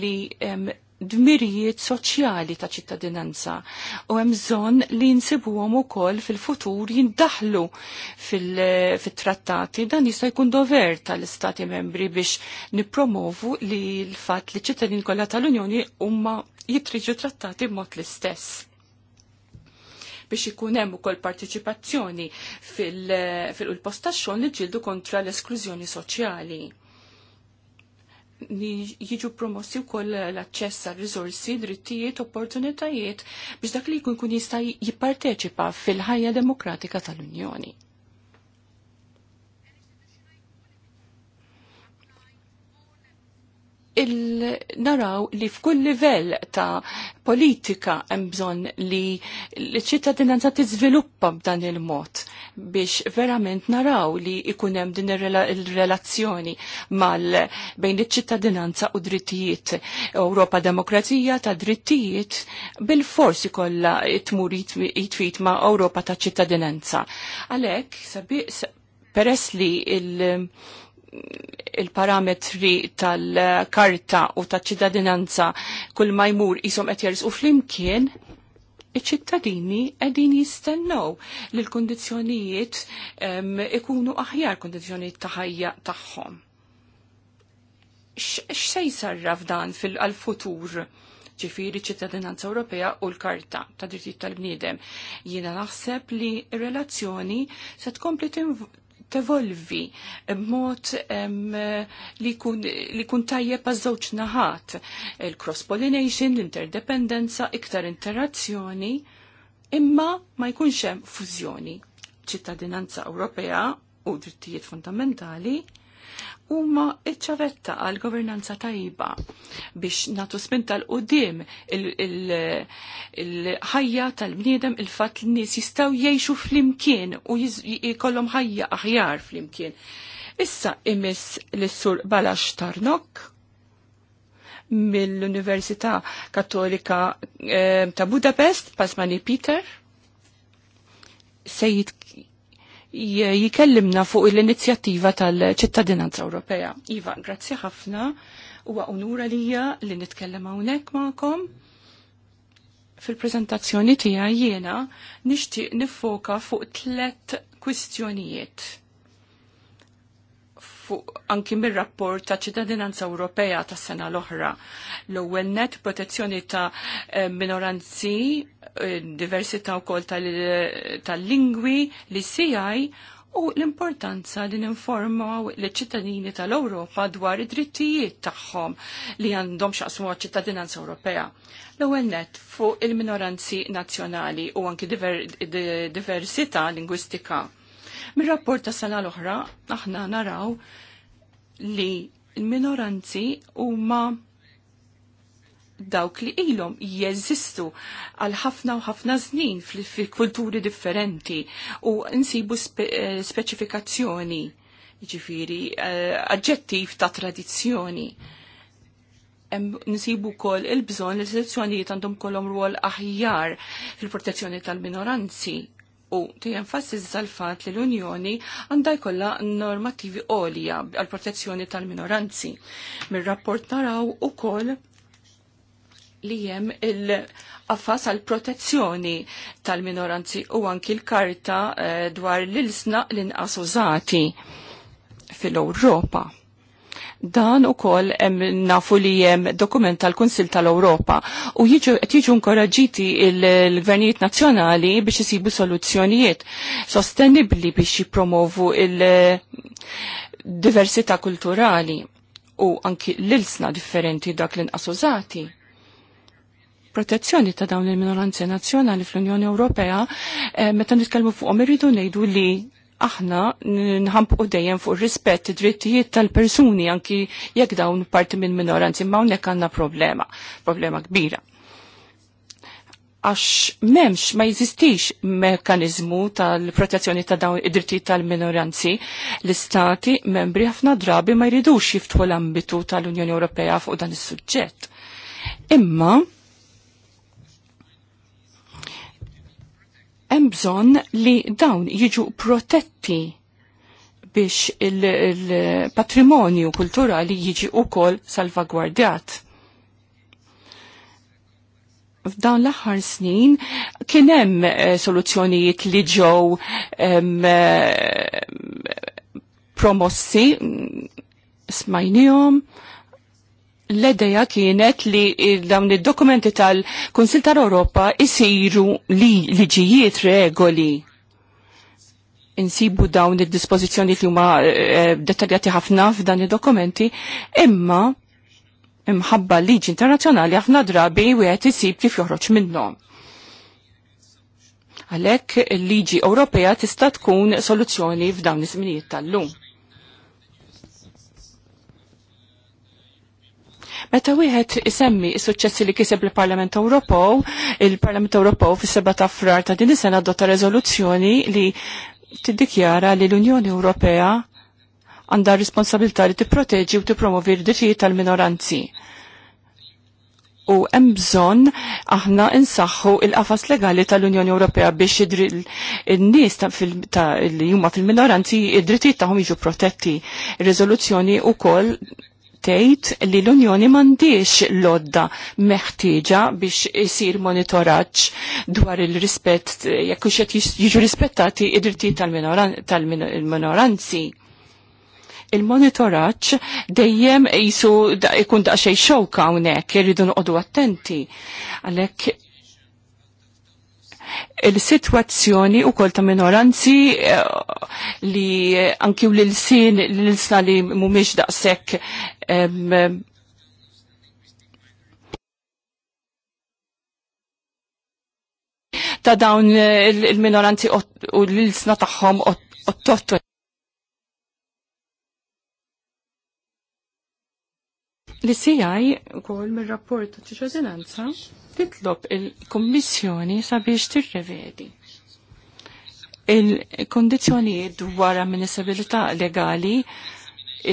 li um, dmirijiet soċjali ta' ċittadinanza u hemm bżonn li nsibuhom ukoll fil-futur jindaħlu fit-trattati dan jista' jkun dover tal-istati membri biex nippromovu li l-fatt li ċittadin kollha tal-Unjoni huma jitriġu trattati b'mod l-istess biex ikun hemm ukoll partiċipazzjoni fil-post fil post li ġildu kontra l-esklużjoni soċjali li jiġu promossi u koll l-access għal risorsi drittijiet, opportunitajiet biex dak li jkun kun jista' jipparteċipa fil-ħajja demokratika tal-Unjoni. il-naraw li f'kull livell ta' politika hemm bżonn li l-ċittadinanza tiżviluppa b'dan il-mod biex verament naraw li ikun hemm din ir-relazzjoni mal bejn iċ-ċittadinanza u drittijiet. Ewropa Demokrazija ta' drittijiet bil-forsi kollha tmur jitfit ma' Ewropa ta' ċittadinanza. Għalhekk sabi peress li il- il-parametri tal-karta u tal-ċittadinanza kull ma jmur jisom qed jersqu flimkien, iċ-ċittadini qegħdin jistennew li l-kundizzjonijiet ikunu aħjar kundizzjonijiet ta' ħajja tagħhom. X'se jsarraf dan fil-futur? ċifiri ċittadinanza Ewropea u l-Karta ta' Drittijiet tal-Bniedem. Jiena naħseb li r relazzjoni se tkompli tevolvi mod li jkun tajjeb għaż-żewġ naħat. Il-cross-pollination, l-interdependenza, iktar interazzjoni, imma ma jkunx hemm fużjoni. ċittadinanza Ewropea u drittijiet fundamentali huma iċ għal governanza tajba biex natu spinta tal-qudiem il-ħajja tal-bniedem il-fatt li nies jistgħu jgħixu flimkien u jkollhom ħajja aħjar flimkien. Issa imiss l-sur Balax Tarnok mill-Università Kattolika eh, ta' Budapest, Pasmani Peter, se jikellimna fuq l-inizjattiva tal-ċittadinanza Ewropea. Iva, grazzi ħafna. Huwa unura lija li nitkellem hawnhekk magħkom. Fil-preżentazzjoni tiegħi jiena nixtieq nifoka fuq tlet kwistjonijiet fuq anki mir-rapport ta' ċittadinanza Ewropea tas sena l-oħra. L-ewwel net protezzjoni ta' eh, minoranzi, eh, diversità wkoll tal-lingwi, li CI u l-importanza li ninformaw l-ċittadini tal-Ewropa dwar id-drittijiet tagħhom li għandhom xaqsmu ċittadinanza Ewropea. L-ewwel net fuq il-minoranzi nazzjonali u anki diversità lingwistika Mir-rapport ta' sena l-oħra, aħna naraw li l-minoranzi huma dawk li ilhom jeżistu għal ħafna u ħafna znin fi kulturi differenti u nsibu eh, speċifikazzjoni ġifiri, eh, aġġettiv ta' tradizzjoni. Nsibu kol il-bżon l-istituzzjonijiet għandhom kolom ruol aħjar fil-protezzjoni tal-minoranzi u tijenfassis l fat li l-Unjoni għandha jkollha normativi għolja għal protezzjoni tal-minoranzi. Mir-rapport naraw ukoll li jem il-affas għal protezzjoni tal-minoranzi u anki l-karta eh, dwar l-ilsna l-inqas użati fil-Ewropa Dan u koll nafu li jem dokument tal-Konsil tal-Europa u jiġu nkoraġiti il-gvernijiet nazjonali biex jisibu soluzzjonijiet sostenibli biex jipromovu il-diversità kulturali u anki l-ilsna differenti dak l-inqasużati protezzjoni ta' dawn il-minoranzi nazzjonali fl-Unjoni Ewropea, eh, meta nitkellmu fuqhom irridu ngħidu li aħna nħampu dejjem fuq rispett id-drittijiet tal-persuni anki jekk dawn parti minn minoranzi ma hawnhekk għandna problema, problema kbira. Għax memx ma jeżistix mekanizmu tal-protezzjoni ta' dawn id-drittijiet tal-minoranzi, l-istati membri ħafna drabi ma jridux jiftħu l-ambitu tal-Unjoni Ewropea fuq dan is-suġġett. Imma hemm bżonn li dawn jiġu protetti biex il-patrimonju il kulturali jiġi ukoll salvagwardjat. F'dawn l-aħħar snin kien hemm eh, soluzzjonijiet li ġew eh, promossi mm, smajnijom l-edeja kienet li dawn id-dokumenti tal-Kunsil tal-Europa isiru li liġijiet regoli. Insibu dawn id-dispożizzjoni li huma eh, dettaljati ħafna f'dan id-dokumenti, imma imħabba liġi internazzjonali ħafna drabi wieħed isib kif joħroġ minnhom. Għalhekk il-liġi Ewropea tista' tkun soluzzjoni f'dawn iż-żminijiet tal-lum Meta wieħed isemmi s-suċċessi li kiseb il parlament Ewropew, il-Parlament Ewropew fis-7 ta' frar ta' din is-sena adotta reżoluzzjoni li tiddikjara li l-Unjoni Ewropea għandha responsabilità li tipproteġi u tippromovi r-diritti tal-minoranzi u hemm bżonn aħna insaħħu il-qafas legali tal-Unjoni Ewropea biex in-nies li huma fil-minoranzi id-drittijiet tagħhom jiġu protetti. Ir-riżoluzzjoni wkoll tgħid li l-Unjoni m'għandix lodda meħtieġa biex isir monitoraġġ dwar il-rispett jekk hux qed jiġu rispettati id-drittijiet tal-minoranzi il monitoraġġ dejjem jisu ikun daqsxejn xewka hawnhekk irridu noqogħdu attenti. Għalhekk il-situazzjoni u kol ta' minoranzi eh, li anki u l-sin l-sna li mumiex daqsek ta' dawn il-minoranzi u l-sna taħħom ottotto. Li sijaj, kol mir rapport ta' ċiċozinanza, titlob il-Kommissjoni sabiex tirrevedi il-kondizjonijiet dwar amministrabilità legali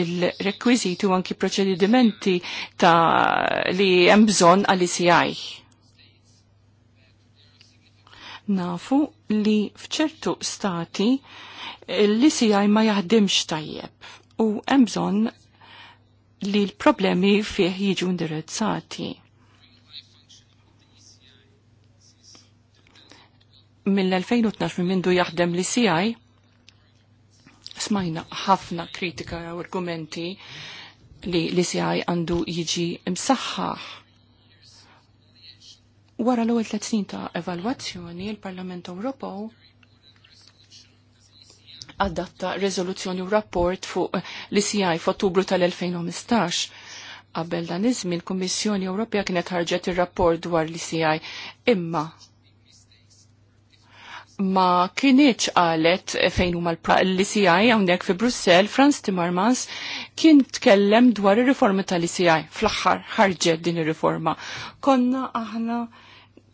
il-rekwiziti u anki proċedimenti ta' li hemm bżonn għal ICI. Nafu li fċertu stati l-ICI ma jaħdimx tajjeb u hemm bżonn li l-problemi fih jiġu indirizzati mill-2012 mindu jaħdem li CI smajna ħafna kritika u argumenti li li CI għandu jiġi imsaħħaħ. Wara l-ewwel tliet snin ta' evalwazzjoni, il-Parlament Ewropew adatta rezoluzzjoni u rapport fuq li CI f'Ottubru tal-2015 qabel dan iż-żmien Kummissjoni Ewropea kienet ħarġet ir-rapport dwar l-ICI imma ma kienieċ għalet fejn huma l-ICI hawnhekk fi Brussell, Franz Timmermans kien tkellem dwar ir-riforma tal-ICI. Fl-aħħar ħarġet din ir-riforma. Konna aħna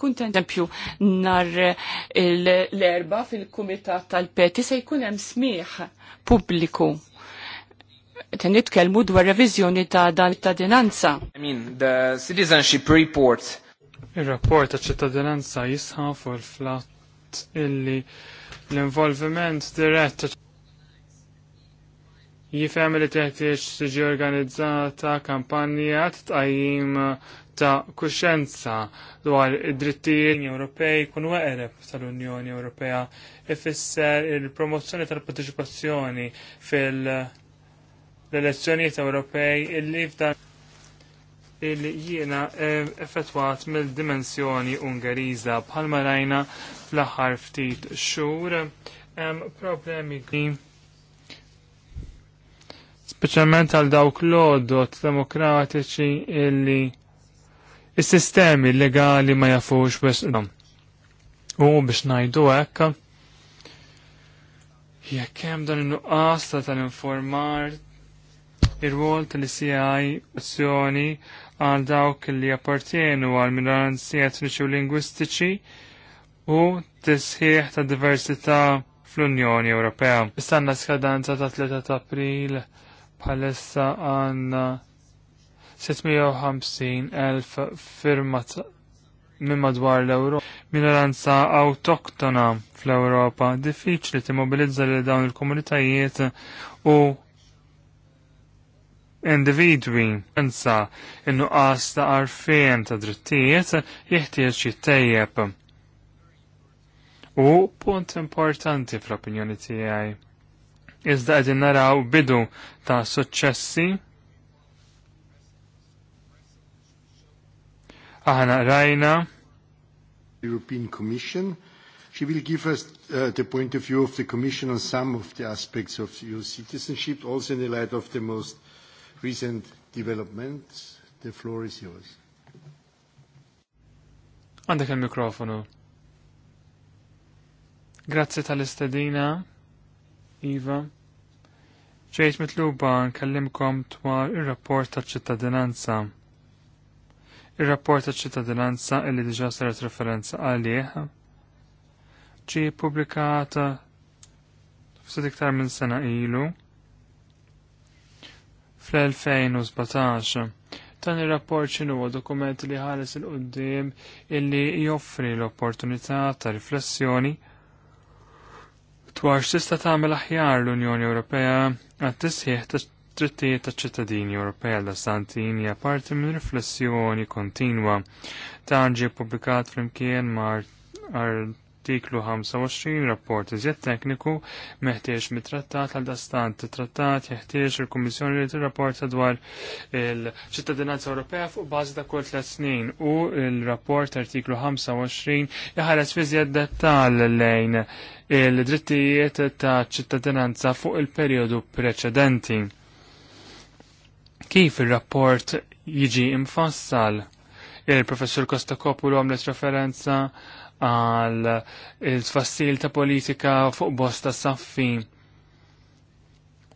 kuntent tempju nar l-erba fil-kumitat tal-peti se jkun hemm smieħ pubbliku ten nitkellmu dwar reviżjoni ta' dan ċittadinanza. I mean, the citizenship report. Il-rapport ta' ċittadinanza jisħafu fuq il-flat illi l-involviment dirett jifem li teħtieġ tiġi organizzata kampanja tajjim ta' kuxenza dwar id-drittijiet Ewropej kun weqreb tal-Unjoni Ewropea ifisser il-promozzjoni tal-parteċipazzjoni fil-elezzjonijiet Ewropej illi f'dan il jiena eh, effettwat mill-dimensjoni Ungeriża bħalma rajna fl-aħħar ftit xhur hemm problemi speċjalment għal dawk l-odot demokratiċi illi is-sistemi legali ma jafux biex U biex ngħidu hekk jekk hemm dan in-nuqqas ta' tal-informar ir wol tal-CI azzjoni għal dawk li appartienu għal minoranzi etniċi u lingwistiċi u tisħiħ ta' diversità fl-Unjoni Ewropea. Istanna skadanza ta' 3 ta' april bħalissa għanna 650.000 firma minn madwar l ewropa Minoranza autoktona fl ewropa diffiċli timobilizza li dawn il-komunitajiet u individwi. Pensa, innuqas ta' arfien ta' drittijiet jieħtieġ jittejjeb u punt importanti fl-opinjoni tijaj. Iżda għedin naraw bidu ta' suċċessi aħna rajna European Commission. She will give us uh, the point of view of the Commission on some of the aspects of EU citizenship, also in the light of the most recent developments. The floor is yours. Għandek il-mikrofonu. Grazzi tal-istedina, Iva. Ġejt mitluba nkellimkom dwar ir-rapport taċ ċittadinanza. Ir-rapport taċ ċittadinanza illi diġa saret referenza għalih ġi publikata f'sit iktar minn sena ilu fl-2017. Dan ir-rapport xinu dokument li ħares il-qoddim illi joffri l-opportunità ta' riflessjoni dwar x'tista' tagħmel aħjar l-Unjoni Ewropea għat-tisħiħ drittijiet ta' ċittadini Ewropea l santin hija parti minn riflessjoni kontinwa ta' ġie pubblikat flimkien mar artiklu 25 rapport iżjed tekniku meħtieġ mit-trattat għal dastant trattat jeħtieġ il-Kummissjoni li rapport dwar il-ċittadinanza Ewropea fuq bażi ta' kull tliet snin u il-rapport artiklu 25 jaħares fi iżjed dettal lejn il-drittijiet ta' ċittadinanza fuq il-perjodu preċedenti. Kif il-rapport jiġi imfassal? il-professor Kostakopulu għamlet referenza għal il-tfassil ta' politika fuq bosta saffi.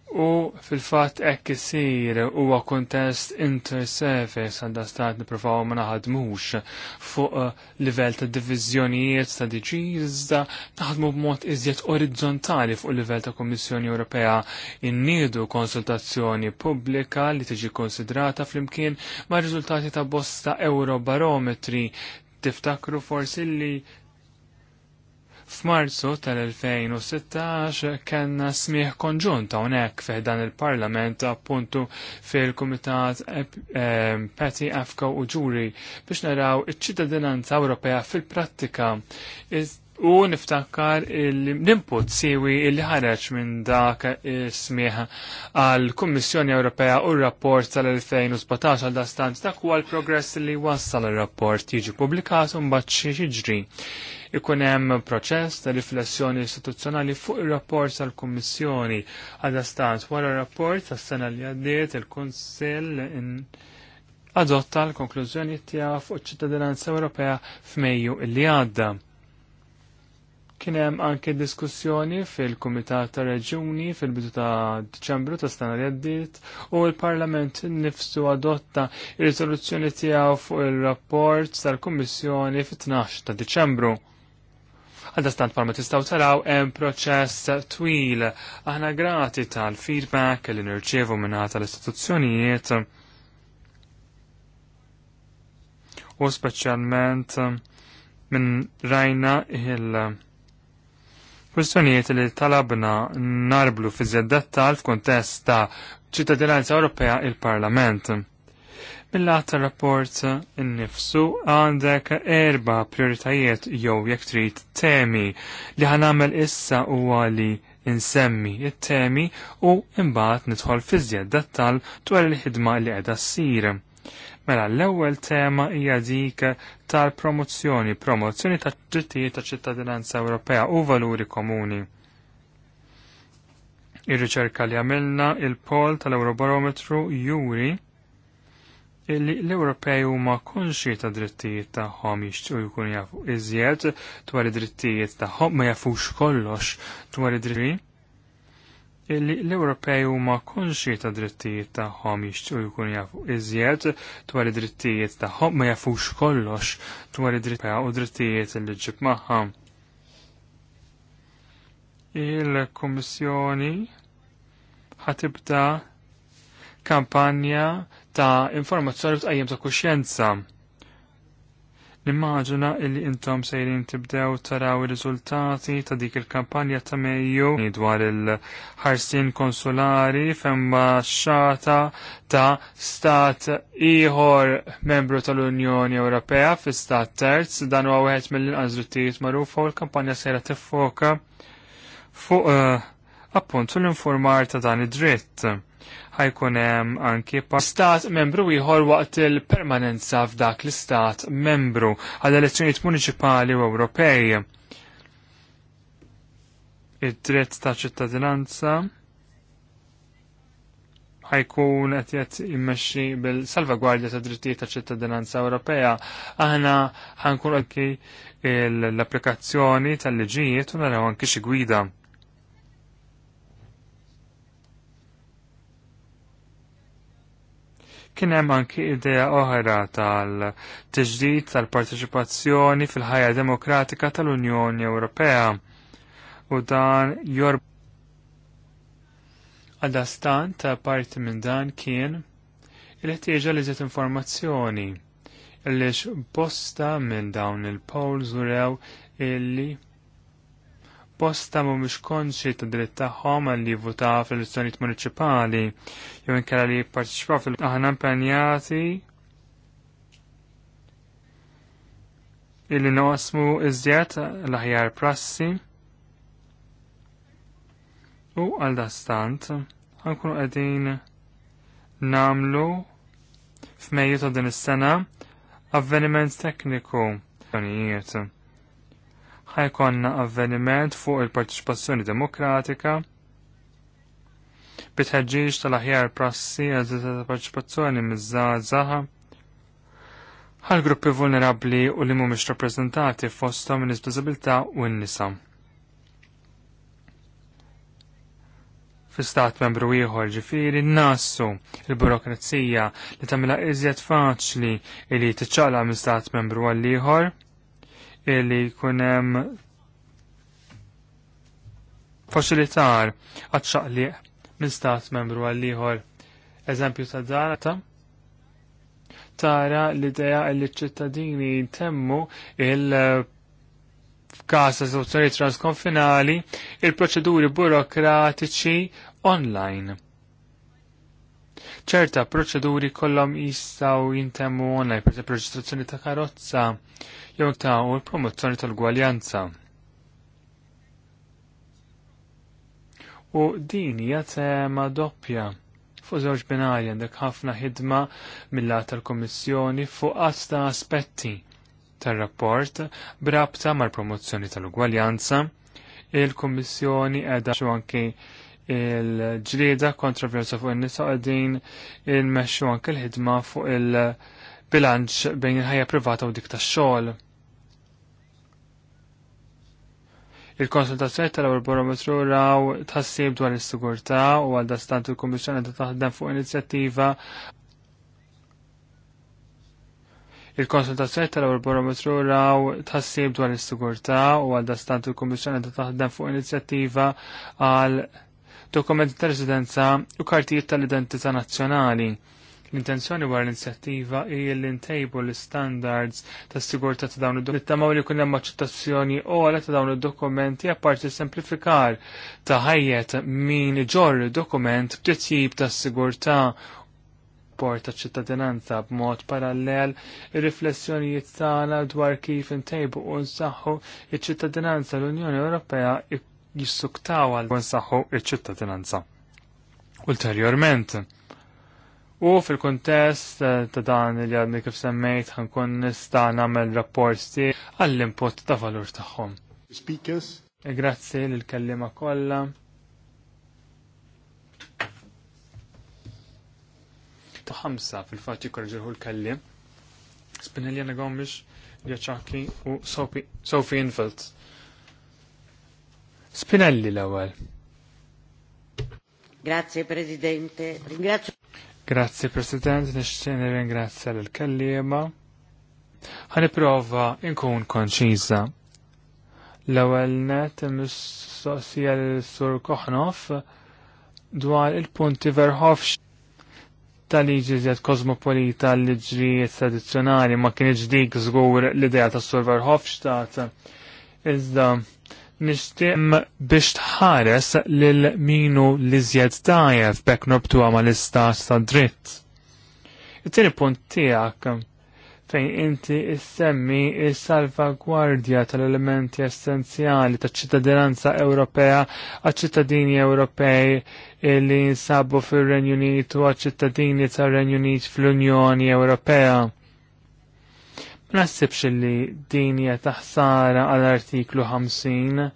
U fil-fat ekk isir huwa kontest inter-service għadda stat niprofaw ma naħadmux fuq livell ta' divizjonijiet ta' diġizda naħdmu b'mod iżjed orizzontali fuq livell ta' Kommissjoni Ewropea innidu konsultazzjoni pubblika li tiġi konsidrata flimkien ma' riżultati ta' bosta Eurobarometri Tiftakru forsi li F'Marzu tal-2016 kellna smieħ konġunt hawnhekk fih dan il-Parlament appuntu fil-Kumitat Peti Afko u Ġuri biex naraw iċ-ċittadinanza Ewropea fil-prattika u niftakar l-input siwi li ħareġ minn dak smieħa għal Kummissjoni Ewropea u r-rapport tal-2017 għal dastanz dak huwa l-progress li wassal ir-rapport jiġi publikat un mbagħad xi jiġri. Ikun hemm proċess ta' riflessjoni istituzzjonali fuq ir-rapport tal-Kummissjoni għal dastant wara r-rapport tas-sena li għaddiet il-Kunsill adotta l-konklużjoni tiegħu fuq ċittadinanza Ewropea f'Mejju li għadda Kien hemm anke diskussjoni fil-Kumitat ta' Reġuni fil-bidu ta' Diċembru ta' stana li għaddiet u l-Parlament nifsu adotta il riżoluzzjoni tiegħu fuq il-rapport tal-Kummissjoni fit-12 ta' Diċembru. stant parma tistaw taraw hemm proċess twil. Aħna grati tal-feedback li nirċievu minna tal-istituzzjonijiet u speċjalment minn rajna il- Kwistjonijiet li talabna narblu fi dettal f'kuntest ta' ċittadinanza Ewropea il-Parlament. Mill-għat rapport innifsu għandek erba prioritajiet jew jekk trid temi li ħanamel issa u għali insemmi it-temi u imbagħad nidħol fi dettal dwar il-ħidma li qiegħda ssir. Mela l-ewwel tema hija dik tal-promozzjoni, promozzjoni ta' drittijiet ta' ċittadinanza Ewropea u valuri komuni. Ir-riċerka li għamilna il-pol tal-Eurobarometru juri illi l-Ewropej huma konxi ta' drittijiet tagħhom jixtiequ jkunu jafu iżjed dwar id-drittijiet tagħhom ma jafux kollox dwar id-drittijiet illi l-Ewropej huma konxi ta' drittijiet tagħhom jixtiequ jkun jafu iżjed dwar id-drittijiet tagħhom ma jafux kollox dwar id-drittijiet u drittijiet li ġib magħha. Il-Kummissjoni ħatibda kampanja ta' informazzjoni f'tqajjem ta' kuxjenza Nimmaġina illi intom sejrin tibdew taraw ir-riżultati ta' dik il-kampanja ta' Mejju dwar il-ħarsin konsulari femma xata ta' stat ieħor membru tal-Unjoni Ewropea fi stat terz dan huwa wieħed mill-inqas drittijiet magħrufa u l-kampanja sejra tiffoka fuq eh, appunt l-informar ta' dan id-dritt ħajkun hemm anki stat membru ieħor waqt il-permanenza f'dak l-istat membru għal elezzjonijiet municipali u Ewropej. Id-dritt ta' ċittadinanza ħajkun qed jett immexxi bil-salvagwardja ta' drittijiet ta' ċittadinanza Ewropea, aħna ħankun anki l-applikazzjoni tal-liġijiet u naraw anki xi gwida Kien hemm anki idea oħra tal-tiġdid tal-parteċipazzjoni fil-ħajja demokratika tal-Unjoni Ewropea u dan jor għadastan ta' parti minn dan kien il-ħtieġa li zet informazzjoni illix bosta minn dawn il-polls urew illi bosta mhumiex konxi ta' dritt tagħhom għalli vota fil elezzjoniet municipali jew inkella li jipparteċipaw fil- aħna impenjati illi noqsmu iżjed l-aħjar prassi u għal dastant ħankunu qegħdin namlu f'Mejju ta' din is-sena avveniment tekniku ħajkonna avveniment fuq il parteċipazzjoni demokratika bitħagġiġ tal-aħjar prassi għal tal-partiċipazzjoni mizzazaha għal gruppi vulnerabli u li mhumiex rappreżentati fosthom nies b'diżabilità u n-nisa. Fi-stat membru ieħor ġifieri nassu il-burokrazija li tagħmilha iżjed faċli li tiċċaqla minn stat membru għal ieħor li kunem faċilitar għatxaqliq minn stat membru għal Eżempju ta' dan tara l-ideja li ċittadini temmu il- f'kas eżozzjoni transkonfinali il-proċeduri burokratiċi online ċerta proċeduri kollom jistgħu jintemmu online, per reġistrazzjoni ta' karozza jew ta' u l-promozzjoni tal-gwaljanza. U din hija tema doppja fuq żewġ binarji għandek ħafna ħidma mill tal-Kommissjoni fuq asta aspetti tar-rapport brabta mal-promozzjoni tal-ugwaljanza, il-Kommissjoni qiegħda xu anki il-ġlieda kontroversja fuq in-nisa qegħdin il-mexxu anke l-ħidma fuq il-bilanċ bejn il-ħajja privata u dik tax-xogħol. Il-konsultazzjoni tal-Eurobarometru ewwel raw tħassib dwar is-sigurtà u għal dastant il-Kummissjoni ta' taħdem fuq inizjattiva Il-konsultazzjoni tal-Eurobarometru ewwel raw tħassib dwar is-sigurtà u għal dastant il-Kummissjoni ta' taħdem fuq inizjattiva għal dokumenti ta' residenza u kartijiet tal-identità nazzjonali. L-intenzjoni wara l-inizjattiva hija li ntejbu l-standards ta' sigurtà ta' dawn id-dokumenti. Nittamaw li jkun hemm aċċettazzjoni ogħla ta' dawn id-dokumenti apparti semplifikar ta' ħajjet min ġorri dokument b'titjib ta' sigurtà port ta' ċittadinanza b'mod parallel ir-riflessjonijiet tagħna dwar kif intejbu u nsaħħu iċ-ċittadinanza l-Unjoni Ewropea jissuktaw għal bun il iċ-ċittadinanza. Ulterjorment, u fil-kontest ta' dan li għadni kif semmejt ħankun nista' nagħmel rapporti għall-input ta' valur tagħhom. Speakers. E grazzi lil kellima kollha. Ta' ħamsa fil-fatt jikorġilħu l-kellim. Spinelli għana għomix, u Sophie Infeldt. Spinelli l-ewwel. Grazie Presidente, ringrazio. Grazie President, nixtieq ringrazzja l-kellima. Ħaniprova nkun konċiża. L-ewwel net mis-sosja l-Sur Koħnof dwar il-punti verħofx tal-liġi zjed kosmopolita l-liġrijiet tradizjonali ma kien dik żgur l-idea ta' Sur Verhofstadt. Iżda nishtiqm biex tħares lil minu li zjed tajef bekk nobtu għama l-istax ta' dritt. It-tieni punt tiegħek fejn inti issemmi il-salvagwardja tal-elementi essenzjali ta' ċittadinanza Ewropea għal ċittadini Ewropej li jinsabu fir-Renju Unit u għal ċittadini tar-Renju Unit fl-Unjoni Ewropea Nassibx li din hija taħsara għal artiklu 50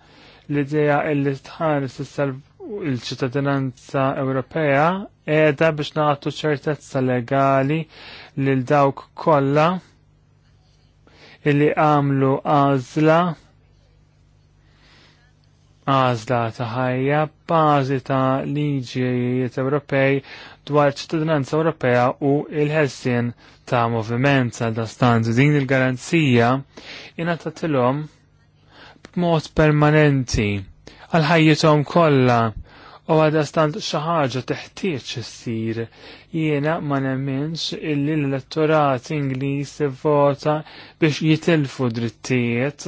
l-idea illi tħares il-ċittadinanza Ewropea qiegħda biex nagħtu ċertezza legali lil dawk kollha illi għamlu għażla għażla ta' ħajja bażi ta' liġijiet Ewropej dwar ċittadinanza Ewropea u il-ħelsien ta' moviment għal dastanz din il-garanzija tilom b'mod permanenti għal ħajjithom kollha u għadastant xaħġa teħtieġ issir. Jiena ma nemminx illi l-elettorat Ingliż vota biex jitilfu drittijiet.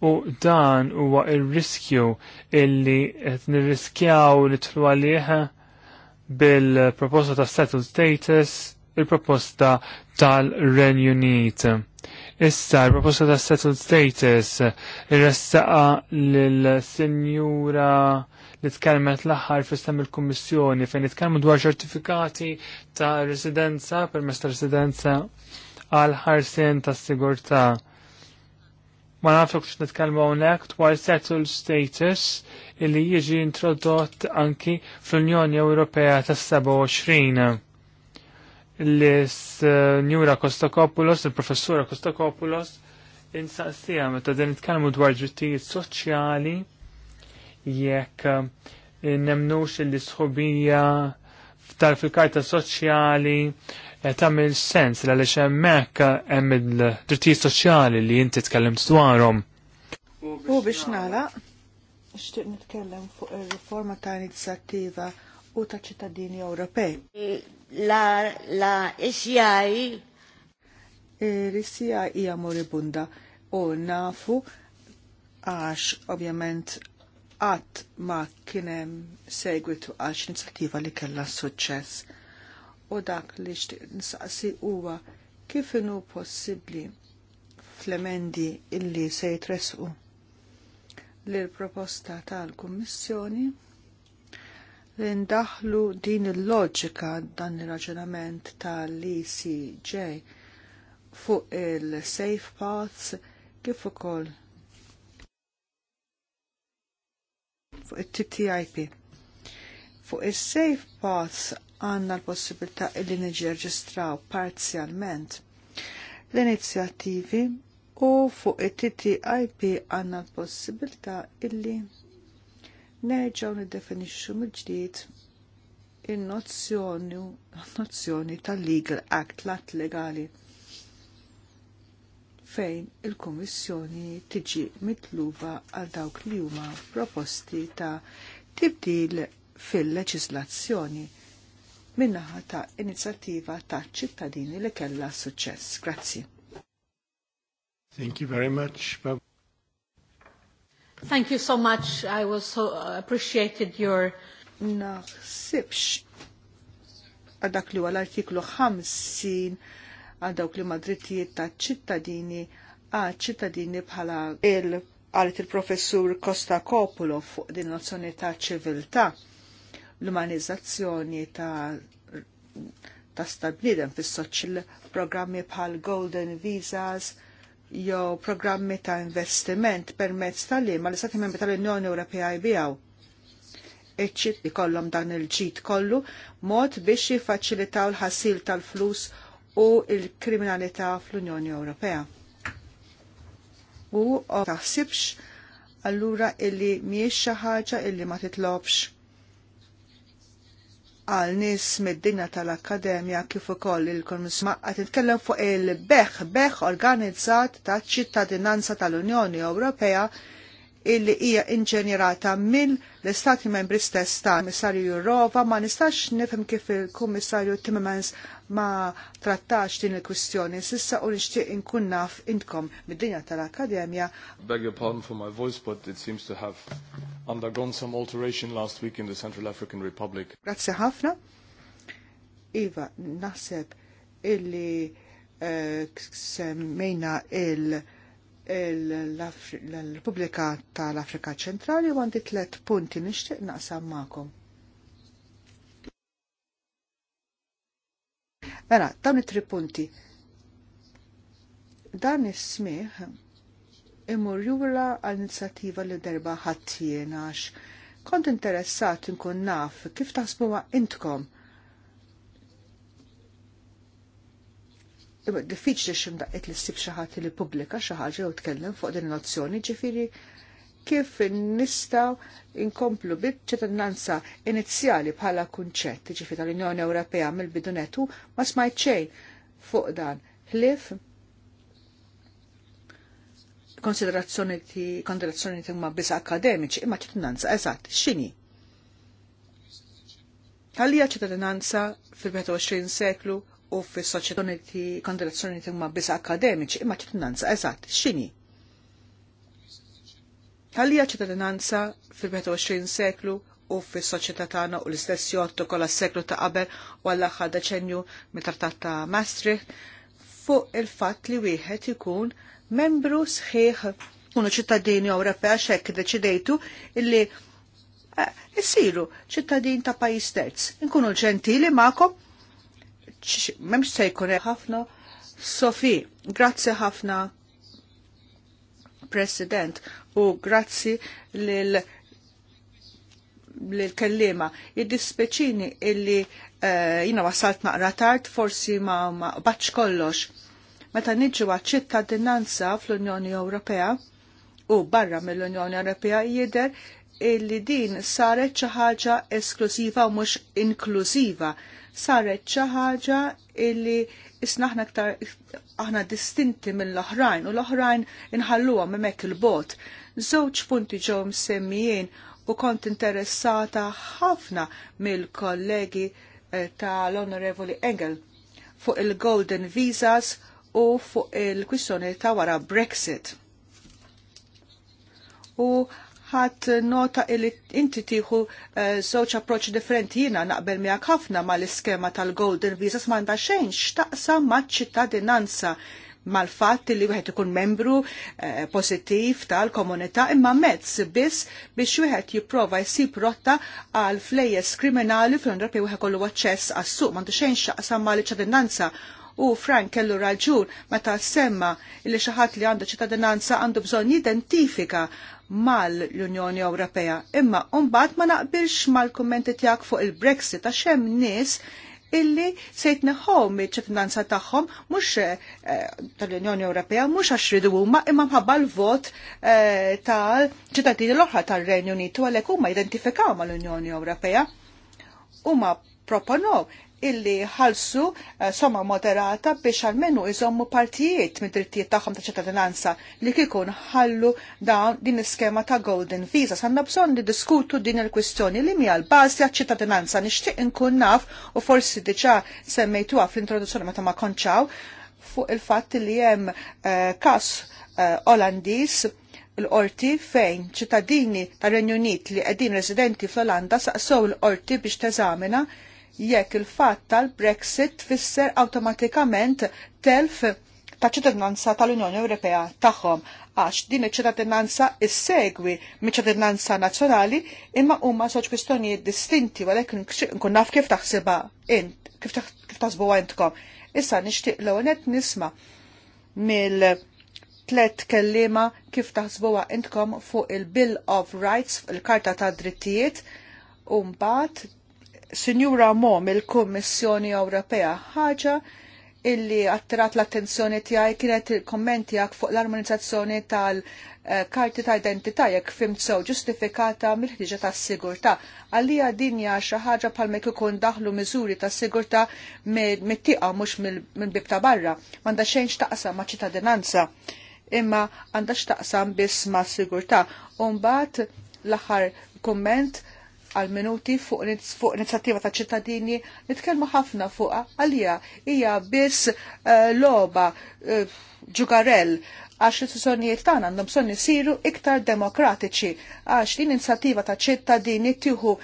U dan huwa il riskju illi qed nirriskjaw li tlu għalih bil-proposta ta' settled status il-proposta tal-Ren Unit. Issa, il-proposta ta' settled status il-restaqa l-senjura li tkellmet l-aħħar fis-sem il-Kummissjoni fejn itkellmu dwar ċertifikati ta' residenza permess ta' residenza għal ħarsien ta' sigurtà ma nafux nitkellmu hawnhekk dwar settled status illi jieġi introdott anki fl-Unjoni Ewropea ta' 27 L-Njura Kostakopoulos, il-professura Kostakopoulos, insaqsija meta din nitkellmu dwar drittijiet soċjali jekk eh, nemnux il-sħobija iktar fil-karta soċjali eh, tagħmel sens l għaliex hemmhekk eh, hemm il-drittijiet soċjali li inti tkellimt dwarhom. U biex nagħlaq nixtieq nitkellem fuq ir-riforma ta' inizjattiva u ta' ċittadini Ewropej. La, la SCI e Rissija e hija moribunda u nafu għax ovvjament qatt ma kienem segwitu għax inizjattiva li kellha suċċess. U dak li xtieq nsaqsi huwa kif inhu possibbli fl illi se jitresqu li l-proposta tal-Kummissjoni li ndaħlu din il-loġika dan il-raġunament tal-ECJ fuq il-safe paths kif ukoll fuq it-TTIP. Fuq is-safe paths għanna l-possibilità niġi niġġerġistraw parzjalment l-inizjattivi u fuq it-TTIP għanna l-possibilità illi nerġaw nid-definixxu mill-ġdid in-nozzjoni tal-legal act, l-att legali fejn il-Kummissjoni tiġi mitluba għal dawk li huma proposti ta' tibdil fil-leġislazzjoni minnaħa ta' inizjattiva ta' ċittadini li kella suċċess. Grazzi. Thank you very much. Bob. Thank you so much. I was so uh, appreciated your naħsibx għadak li għal artiklu 50 għal dawk li madrittijiet ta' ċittadini għal ċittadini bħala il għalit il-professur Kosta Kopulo fuq din nozzjoni ta' ċiviltà l-umanizzazzjoni ta' ta' stabliden fis-soċil programmi bħal Golden Visas jew programmi ta' investiment permezz tal ma l istati membri tal-Unjoni Ewropea jibijaw. Eċċit li kollom dan il-ġid kollu mod biex jiffaċilitaw l-ħasil tal-flus u il-kriminalità fl-Unjoni Ewropea. U taħsibx allura illi miex xi ħaġa illi ma titlobx għal nis mid-dinja tal-Akkademja kif ukoll il-Komismaqqa titkellem fuq il-beħ beħ organizzat ta' ċittadinanza tal-Unjoni Ewropea illi hija inġenjerata mill l-Istati membri stess ta' Kummissarju Jurova ma nistax nifhem kif il-Kummissarju Timmermans ma trattax din il-kwistjoni sissa u nixtieq inkun naf intkom mid-dinja tal-Akademja. Beg your pardon for my voice, but it seems to have undergone some alteration last week in the Central African Republic. Grazie ħafna. Iva, naħseb illi uh, semmejna il- l-Repubblika tal-Afrika ċentrali u għandi tlet punti nixtieq naqsam magħkom. Mela, dawn it-tri punti. Dan is-smih imur jura għal-inizjattiva li darba ħattienax. Kont interessat nkun naf kif taħsbuha intkom diffiċli x'imdaqqet li ssib xi ħadd li pubblika xi ħaġa u tkellem fuq din nozzjoni ġifieri kif nistgħu inkomplu bit-ċittadinanza inizjali bħala kunċett ġifieri tal-Unjoni Ewropea mill-bidunetu ma smajt xejn fuq dan. ħlif? konsiderazzjoni ti konsiderazzjoni ti ma bis akademiċi imma ċittadinanza eżatt x'inhi. Għalija ċittadinanza fil-21 seklu u fis soċjetà kondizzjoni huma biss akademiċi imma ċittinanza eżatt xini. Għalija ċittadinanza fil-21 seklu u fis soċjetà tagħna u l-istess jottu kollha s-seklu ta' qabel u għall aħħar deċenju mit-Trattat ta' Maastricht fuq il-fatt li wieħed ikun membru sħiħ unu ċittadini Ewropea xekk deċidejtu illi jsiru eh, ċittadin ta' pajis terz. Inkunu ġentili ma'kom memx se jkun ħafna Sofi, grazzi ħafna President u grazzi lil l-kellima. Id-dispeċini illi eh, jina wasalt naqra tard forsi ma, ma baċ kollox. Meta niġu ċittadinanza fl-Unjoni Ewropea u barra mill-Unjoni Ewropea jider illi din saret xi ħaġa esklusiva u mhux inklusiva saret xi ħaġa illi isna aħna aktar aħna distinti mill-oħrajn u l-oħrajn inħalluha m'hemmhekk il-bot. Żewġ punti ġew msemmijin u kont interessata ħafna mill-kollegi eh, tal-Onorevoli Engel fuq il-Golden Visas u fuq il-kwissjoni ta' wara Brexit. U ħat nota illi inti tiħu uh, eh, soċ approċ differenti jina naqbel miegħek ħafna mal-iskema tal-Golden Visa m'għandha xejn x'taqsam maċ-ċittadinanza mal-fatt li wieħed ikun membru uh, pożittiv tal-komunità imma mezz biss biex wieħed jipprova jsib rotta għal flejjes kriminali fl-Ewropej wieħed kollu aċċess għas-suq m'għandu xejn x'taqsam mal-ċittadinanza u Frank kellu raġun meta semma li xi ħadd li għandu ċittadinanza għandu bżonn jidentifika mal-Unjoni Ewropea. Imma mbagħad ma naqbilx mal-kummenti tiegħek fuq il-Brexit għax hemm nies illi se jitneħħom iċ-ċittadinanza tagħhom mhux eh, tal-Unjoni Ewropea mhux għax ridu huma imma mħabba l-vot eh, tal-ċittadini l-oħra tar-Renju Unitu għalhekk huma identifikaw mal-Unjoni Ewropea. Huma proponow illi ħalsu eh, somma moderata biex għalmenu iżommu partijiet mid drittijiet tagħhom ta' ċittadinanza li kikun ħallu dawn din iskema ta' Golden Visa. Sanna bżonn li diskutu din il-kwistjoni li mija l-bażi għaċ-ċittadinanza nixtieq inkun naf u forsi semmejtu semmejtuha fl-introduzzjoni meta ma konċaw fuq il-fatt li hemm eh, kas eh, Olandiż l-qorti fejn ċittadini tar-Renju Unit li qegħdin residenti fl-Olanda saqsow l-qorti biex teżamina jekk il-fatt tal-Brexit tfisser awtomatikament telf ta' ċittadinanza tal-Unjoni Ewropea tagħhom għax din iċ-ċittadinanza issegwi miċ-ċittadinanza nazzjonali imma huma żewġ kwistjonijiet distinti għalhekk nkun naf kif taħsibha int, kif taħsbuha intkom. Issa nixtieq l-ewwel nisma' mill tlet kellima kif taħsbuha intkom fuq il-Bill of Rights, il-Karta ta' Drittijiet, u mbagħad Sinjura Mom il-Kummissjoni Ewropea ħaġa illi attirat l-attenzjoni tiegħi kienet il-kommenti fuq l-armonizzazzjoni tal-karti ta' identità jekk fimt sew ġustifikata mill-ħtiġa tas-sigurtà. Għalija dinja xi ħaġa bħal ikun daħlu miżuri ta' sigurtà mit-tieqa mhux mill-bib ta' barra, m'għandha xejn x'taqsam ma' ċittadinanza imma għandha x'taqsam biss ma' sigurtà. U mbagħad l-aħħar kumment għal minuti fuq inizjattiva ta' ċittadini nitkellmu ħafna fuq għalija hija biss eh, loba eh, ġugarell għax l-istituzzjonijiet tagħna għandhom bżonn isiru iktar demokratiċi għax din inizjattiva ta' ċittadini tieħu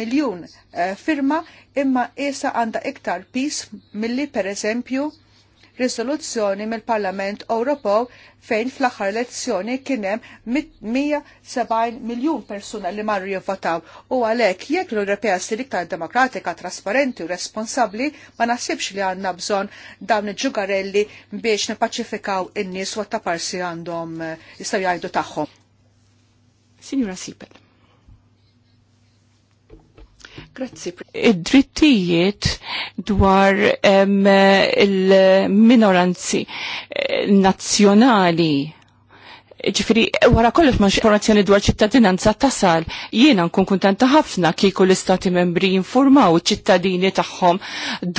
miljun eh, firma imma issa għandha iktar pis milli pereżempju risoluzzjoni mill-Parlament Ewropew fejn fl-aħħar elezzjoni kien hemm 170 miljun persuna li marru jivvotaw u għalhekk jekk l-Ewropea ssir iktar demokratika, trasparenti u responsabbli ma naħsibx li għandna bżonn dawn il-ġugarelli biex nipaċifikaw in-nies u għattaparsi għandhom eh, jistgħu jgħidu tagħhom. Signora Sipel. Grazzi. Id-drittijiet dwar il-minoranzi eh, nazzjonali ġifiri, wara kollox ma informazzjoni dwar ċittadinanza tasal, jiena nkun kuntanta ħafna kieku l-istati membri informaw ċittadini tagħhom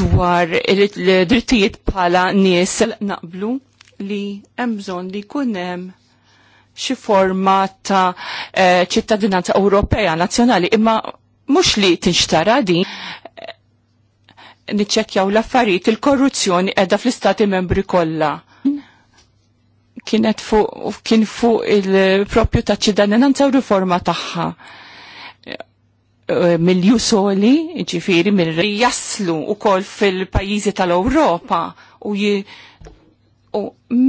dwar il drittijiet bħala nies naqblu li hemm bżonn li jkun hemm xi forma ta' eh, ċittadinanza Ewropea nazzjonali imma mhux li tinxtara din niċċekkjaw l-affarijiet il-korruzzjoni qiegħda fl-istati membri kollha. Kienet fuq kien fuq il-propju ta' ċittadinanza u riforma tagħha eh, mill-ju soli, ġifiri, mill-jaslu u kol fil-pajizi tal-Europa u U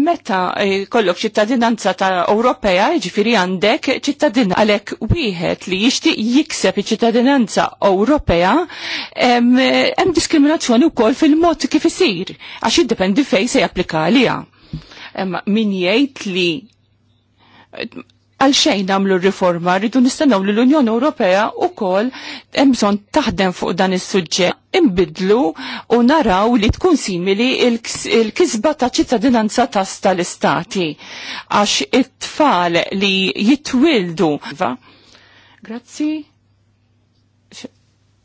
meta eh, kollok ċittadinanza ta' Ewropea, ġifiri għandek ċittadin għalek wieħed li jixtieq jikseb ċittadinanza Ewropea, hemm diskriminazzjoni wkoll fil-mod kif isir, għax jiddependi fejn se japplika għaliha. Min jgħid li għal xejn namlu riforma rridu nistennaw li l-Unjoni Ewropea wkoll hemm bżonn taħdem fuq dan is-suġġett imbidlu u naraw li tkun simili il-kisba ta' ċittadinanza tas tal-istati għax it-tfal li jitwildu. Grazzi.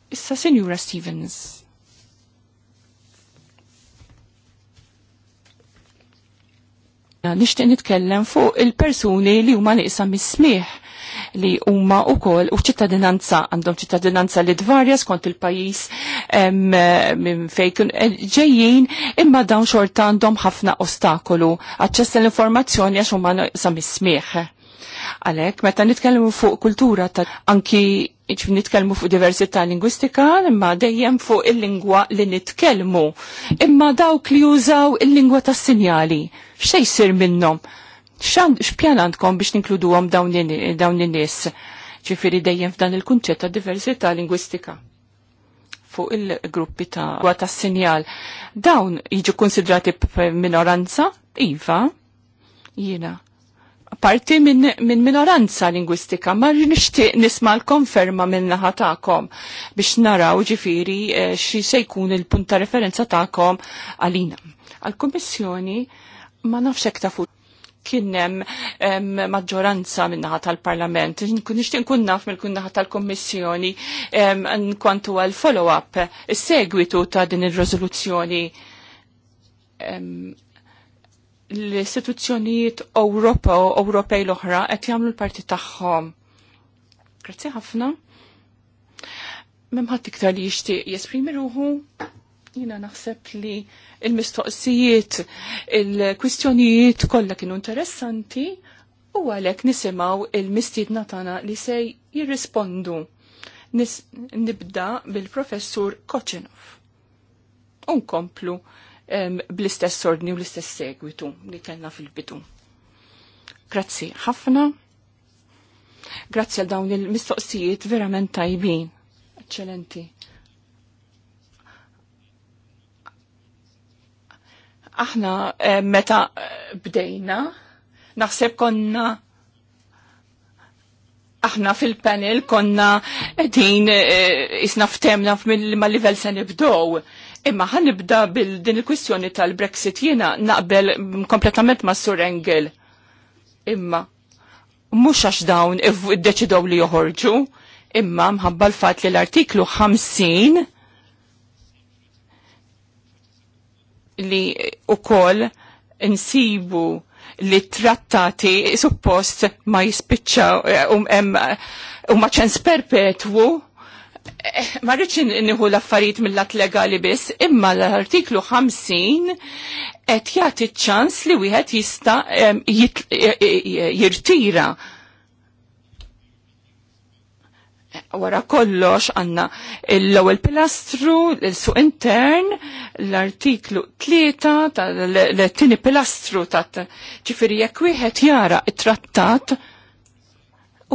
Issa Sinjura Stevens. ħafna nixtieq nitkellem fuq il-persuni li huma nieqsa mis-smieħ li huma wkoll u ċittadinanza għandhom ċittadinanza li dvarja skont il-pajjiż minn fejk eh, ġejjin imma dawn xorta għandhom ħafna ostakolu aċċess l-informazzjoni għax huma nieqsa mis Għalek, meta nitkellmu fuq kultura ta' anki ġif nitkellmu fuq diversità lingwistika, imma dejjem fuq il-lingwa li nitkellmu. Imma dawk li jużaw il-lingwa tas sinjali, xej sir minnhom? X'pjan x'pjanandkom biex għom dawn in-nies? Ġifieri dejjem f'dan il-kunċett ta' diversità lingwistika fuq il-gruppi ta' gwa ta' sinjal. Dawn jiġu konsidrati minoranza? Iva, jina parti minn min minoranza lingwistika, ma nixtieq nisma l-konferma minn naħa tagħkom biex naraw ġifiri xie eh, xi se jkun il-punt ta' referenza tagħkom għalina. Għal-Kummissjoni ma nafxek ta' fu kienem maġġoranza min-naħa tal-parlament. Nishtin nkun naf minn naħa tal-kommissjoni kwantu għal follow-up, segwitu ta' din il-rezoluzzjoni l-istituzzjonijiet Ewropa u Ewropej l-oħra qed jagħmlu l-parti tagħhom. Grazzi ħafna. Memħat iktar li jixtieq jesprimi ruħu jina naħseb li il-mistoqsijiet, il-kwistjonijiet kollha kienu interessanti u għalhekk nisimgħu il-mistiedna tagħna li se jirrispondu. Nis nibda bil-professur Koċinov. Unkomplu bl-istess ordni u l-istess segwitu li kellna fil-bidu. Grazzi ħafna. Grazzi għal dawn il-mistoqsijiet verament tajbin. Eccellenti. Aħna eh, meta eh, bdejna, naħseb konna aħna fil-panel konna edin eh, isna ftemna mal livell se nibdow Imma ħan nibda bil-din il-kwistjoni tal-Brexit jiena naqbel kompletament ma' Sur Engel. Imma mhux għax dawn id-deċidaw li joħorġu, imma mħabba l-fatt li l-artiklu 50 li ukoll insibu li trattati suppost ma jispiċċaw u eh, um, um, eh, um, ma ċens perpetwu Eh, ma rridx nieħu l-affarijiet mill-lat legali biss, imma l-artiklu 50 qed jagħti ċans li wieħed jista' eh, eh, jirtira wara kollox għanna l-ewwel pilastru l-suq intern l-artiklu tlieta tal-tieni pilastru tat ġifieri jekk wieħed jara t trattat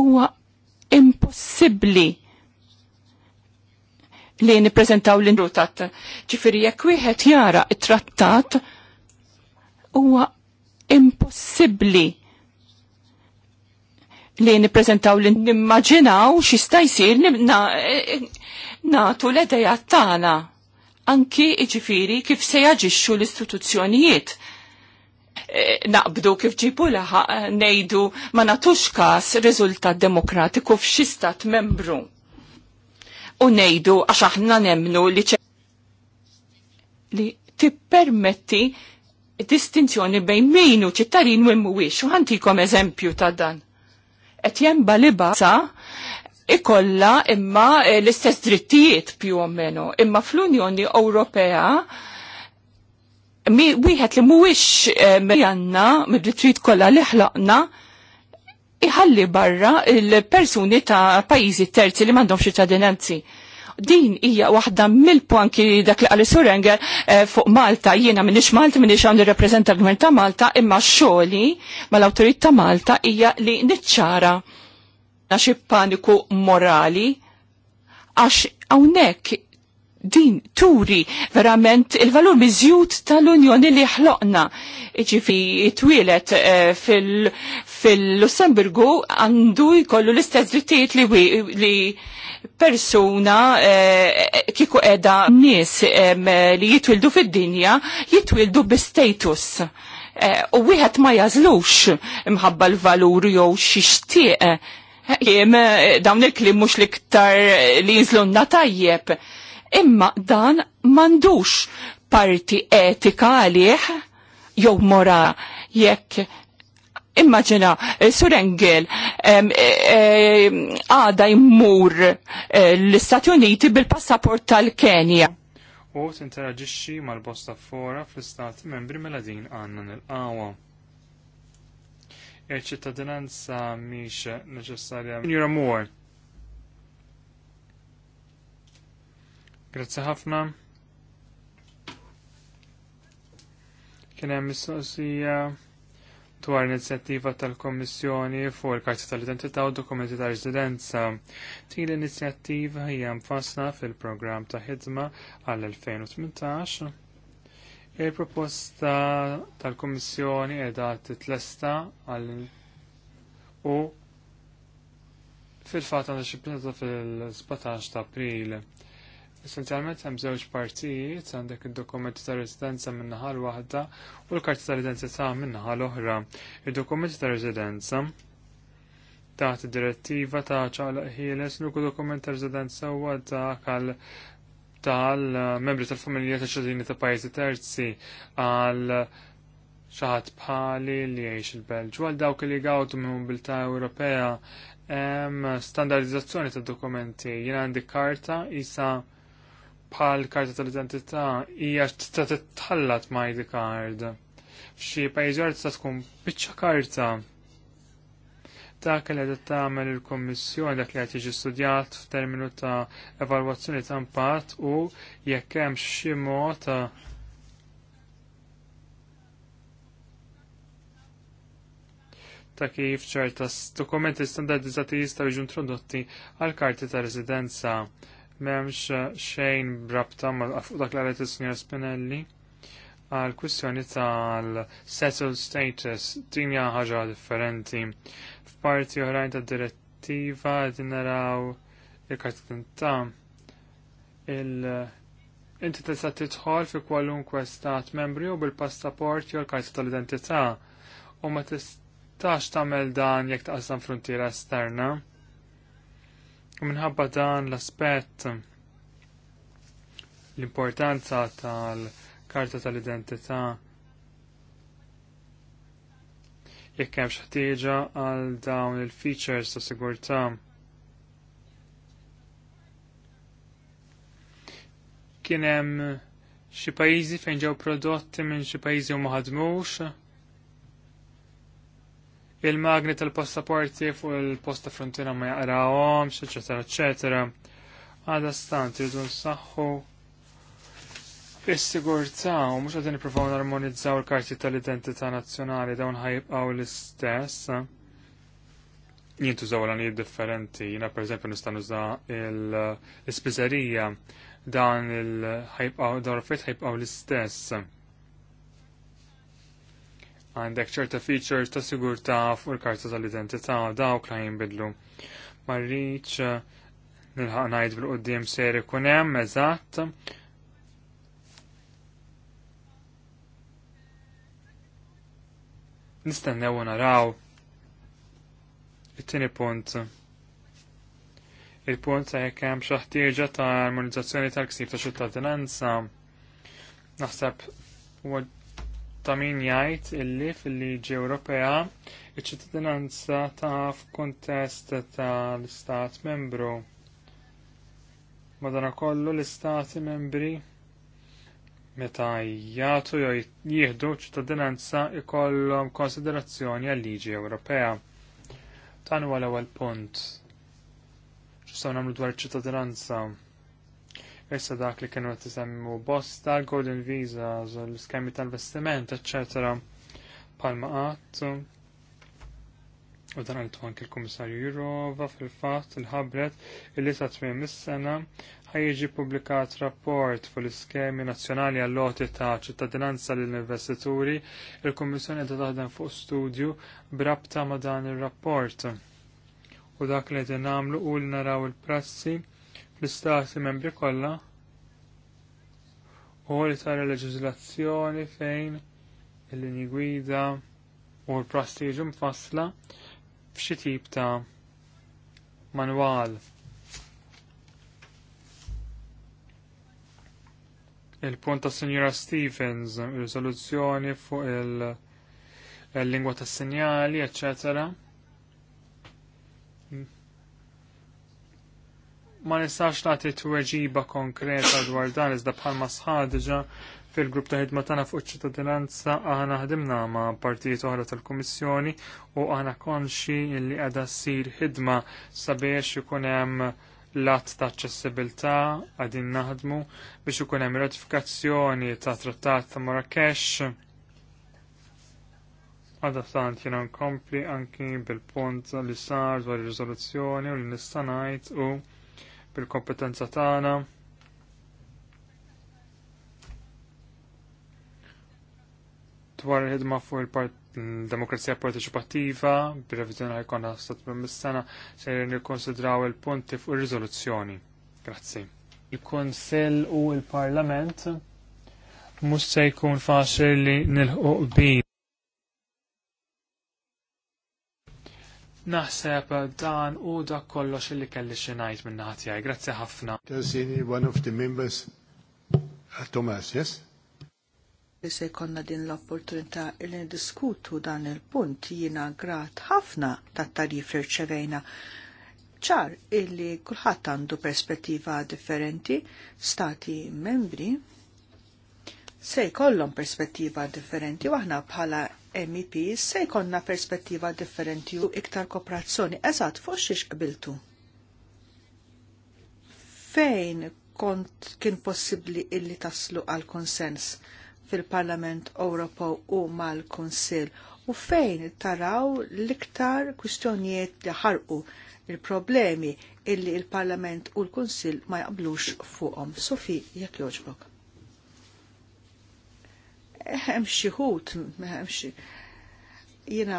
huwa impossibbli li nippreżentaw l-indrutat. ċifiri, jekk wieħed jara it-trattat huwa impossibbli li nippreżentaw li nimmaġinaw x'ista jsir eh, natu l-edeja tagħna anki iġifiri kif se jaġixxu l-istituzzjonijiet eh, naqbdu kif ġibu laħa eh, nejdu ma natux kas rizultat demokratiku f'xi stat membru u nejdu għax aħna nemnu li li permetti distinzjoni bejn min u ċittarin u mhuwiex u ħantikom eżempju ta' dan. Et jemba li sa ikolla imma eh, l-istess drittijiet più u meno, imma fl-Unjoni Ewropea mi wieħed li mhuwiex eh, għandna mid-drittijiet kollha li ħlaqna iħalli barra il-persuni ta' pajizi terzi li mandom ċittadinanzi. Din hija waħda mill-punki dak li għalli Surenger eh, fuq Malta, jiena minnix Malta, minnix għan nirrepreżenta l-Gvern ta' Malta, imma xoli mal-Awtorit ta' Malta hija li niċċara xi paniku morali għax hawnhekk din turi verament il-valur mizjut tal-Unjoni li ħloqna. iġifi twilet eh, fil fil-Lussemburgu għandu jkollu l-istess drittijiet li, li persuna eh, kiku edha nis eh, li jitwildu fid-dinja jitwildu bi-status. Eh, u wieħed ma jażlux imħabba l-valur jew xixtieq. Jem dawn il-klim mhux liktar li jinżlunna tajjeb. Imma dan m'għandux parti etika għalih jew mora jekk immaġina, eh, surengel, eh, eh, għada jimmur l-Istati Uniti bil-passaport tal-Kenja. U t-interagġiċi mal-bosta fora fl-Istati membri mela din għanna nil-qawa. Il-ċittadinanza miex neċessarja. Njura Moore. Grazie ħafna. Kien hemm mistoqsija dwar inizjattiva tal-Kommissjoni fuq il-Karti tal-Identità u dokumenti ta' residenza. Tin l-inizjattiva hija mfassna fil-programm ta' ħidma għall-2018. Il-proposta tal-Kommissjoni qiegħda titlesta għal u fil-fatt għandha xi fil-17 ta' April. Essenzjalment hemm żewġ partijiet għandek id-dokumenti ta' residenza min-naħa waħda u l-karti ta' residenza min-naħa l-oħra. Id-dokumenti ta' residenza taħt id-direttiva ta' ċaqlaq ħieles l dokument ta' residenza huwa dak għal tal-membri eh, tal-familja ta' ċadini ta' pajjiżi terzi għal ċaħat bħali li jgħix il-Belġu għal dawk li għawtu minn mobilità Ewropea standardizzazzjoni ta' dokumenti. Jien għandi karta jisa' bħal karta tal-identità hija tista' titħallat ma' ID card. F'xi pajjiżi tista' tkun biċċa karta. Dak li qed tagħmel il-Kummissjoni dak li qed jiġi studjat f'terminu ta' evalwazzjoni ta' impatt u jekk hemm xi mod ta' ta' kif ċerta dokumenti standardizzati jistgħu jiġu introdotti għal karti ta' residenza memx eh, xejn brabta mal fuq dak l-għalet il-Sinjor Spinelli għal kwistjoni tal-settled status dinja ħaġa differenti. F'parti oħrajn ta' direttiva din naraw il-kartinta il- Inti tista' tidħol fi kwalunkwe stat membri u bil-passaport jew l-karta tal-identità u ma tistax tagħmel dan jekk taqsam frontiera esterna U minħabba dan l-aspett l-importanza tal-karta tal-identità jekk hemm ħtieġa għal dawn il-features ta' sigurtà. Kien hemm xi pajjiżi fejn ġew prodotti minn xi pajjiżi u ma ħadmux il-magni tal-passaporti fuq il-posta frontiera ma jaqrawom, eċetera, eċetera. Għada stant irridu nsaħħu is-sigurtà u mhux qegħdin nippruvaw narmonizzaw il-karti tal-identità nazzjonali dawn ħajbqgħu l-istess. zaw l differenti, jiena eżempju nistan nuża l-ispiżerija dan il-ħajbqgħu dawn l-affarijiet ħajbqgħu l-istess għandek ċerta features ta' sigurtà fuq il-karta tal-identità dawk li jinbidlu. Marriċ eh, nilħaq ngħid bil-qudiem ser ikun hemm eżatt. Nistennew naraw it-tieni punt. Il-punt ta' jekk hemm xi ħtieġa ta' armonizzazzjoni tal-ksib ta' xittadinanza. Naħseb ta' min jgħid illi fil-liġi Ewropea iċ-ċittadinanza ta' f'kuntest ta' l-Istat membru. Madankollu l-Istati membri meta jagħtu jew jieħdu ċittadinanza ikollhom konsiderazzjoni għal liġi Ewropea. Dan huwa l-ewwel punt. Ġistgħu nagħmlu dwar ċittadinanza issa dak li kienu qed isemmu bosta, golden visa, l-iskemi tal-vestiment, eċċetera. Palma qatt. U dan għaltu anke l-Kummissarju Jurova fil-fatt il-ħabret li sa tmiem is-sena ħajġi publikat rapport fuq l-iskemi nazzjonali għall-loti ta' ċittadinanza lill investituri il-Kummissjoni ta' taħdem fuq studju brabta ma' dan ir-rapport. U dak li qed nagħmlu u naraw il-prassi l istati membri kollha u li tara leġiżlazzjoni fejn il-linji gwida u l-prassi mfassla f'xi tip ta' manwal. Il-punt ta' Signora Stevens, il-soluzzjoni fuq il-lingwa ta' sinjali, eccetera ma nistax nagħti tweġiba konkreta dwar dan iżda bħalma sħadġa fil-grupp ta' ħidma tagħna fuq ċittadinanza aħna ħdimna ma' partijiet oħra tal-Kummissjoni u aħna konxi li qiegħda ssir ħidma sabiex ikun hemm lat ta' aċċessibilità għadin naħdmu biex ikun hemm ratifikazzjoni ta' Trattat ta' Marrakesh għadda tant jena nkompli anki bil-punt li sar dwar ir-riżoluzzjoni u li nistanajt u bil-kompetenza tagħna. dwar il-ħidma fuq il-demokrazija partecipativa, bir-revizjoni jkollna stat mis-sena, se nikkonsidraw il-punti fuq ir-riżoluzzjoni. Grazzi. il kunsell u il-Parlament mhux se jkun faċli li nilħuq bin. Naħseb dan u dak kollox li kelli xinajt ngħid minn ħatijaj. Grazzi ħafna. Tazzini, one of the members, uh, Thomas, yes? Li se din l-opportunità li diskutu dan il-punt jiena grat ħafna tat-tarif li rċevejna ċar illi kulħadd għandu perspettiva differenti, stati membri se jkollhom perspettiva differenti waħna bħala MEPs se jkonna perspettiva differenti u iktar kooperazzjoni eżatt fuq xiex qbiltu. Fejn kont kien possibbli illi taslu għal konsens fil-Parlament Ewropew u mal-Kunsill u fejn taraw l-iktar kwistjonijiet li ħarqu il-problemi illi il-Parlament u l-Kunsill ma jaqblux fuqhom. Sofi, jekk jogħġbok hemm xi ħut, hemm jiena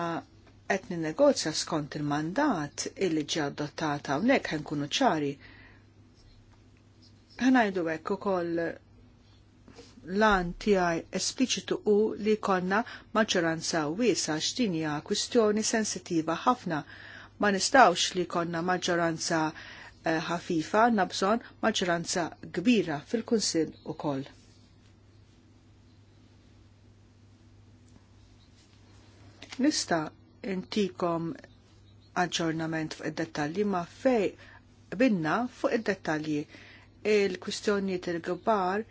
qed ninnegozja skont il-mandat illi ġi adottata hawnhekk ħen kunu ċari. Ħanajdu hekk ukoll lan tiegħi espliċitu u li konna maġġoranza wiesa x'dinja kwistjoni sensittiva ħafna. Ma nistawx li konna maġġoranza eh, ħafifa, nabżon maġġoranza kbira fil-Kunsill ukoll. Nista intikom aġġornament fuq id-dettalji ma fej binna fuq id-dettalji il-kwistjonijiet il-gbar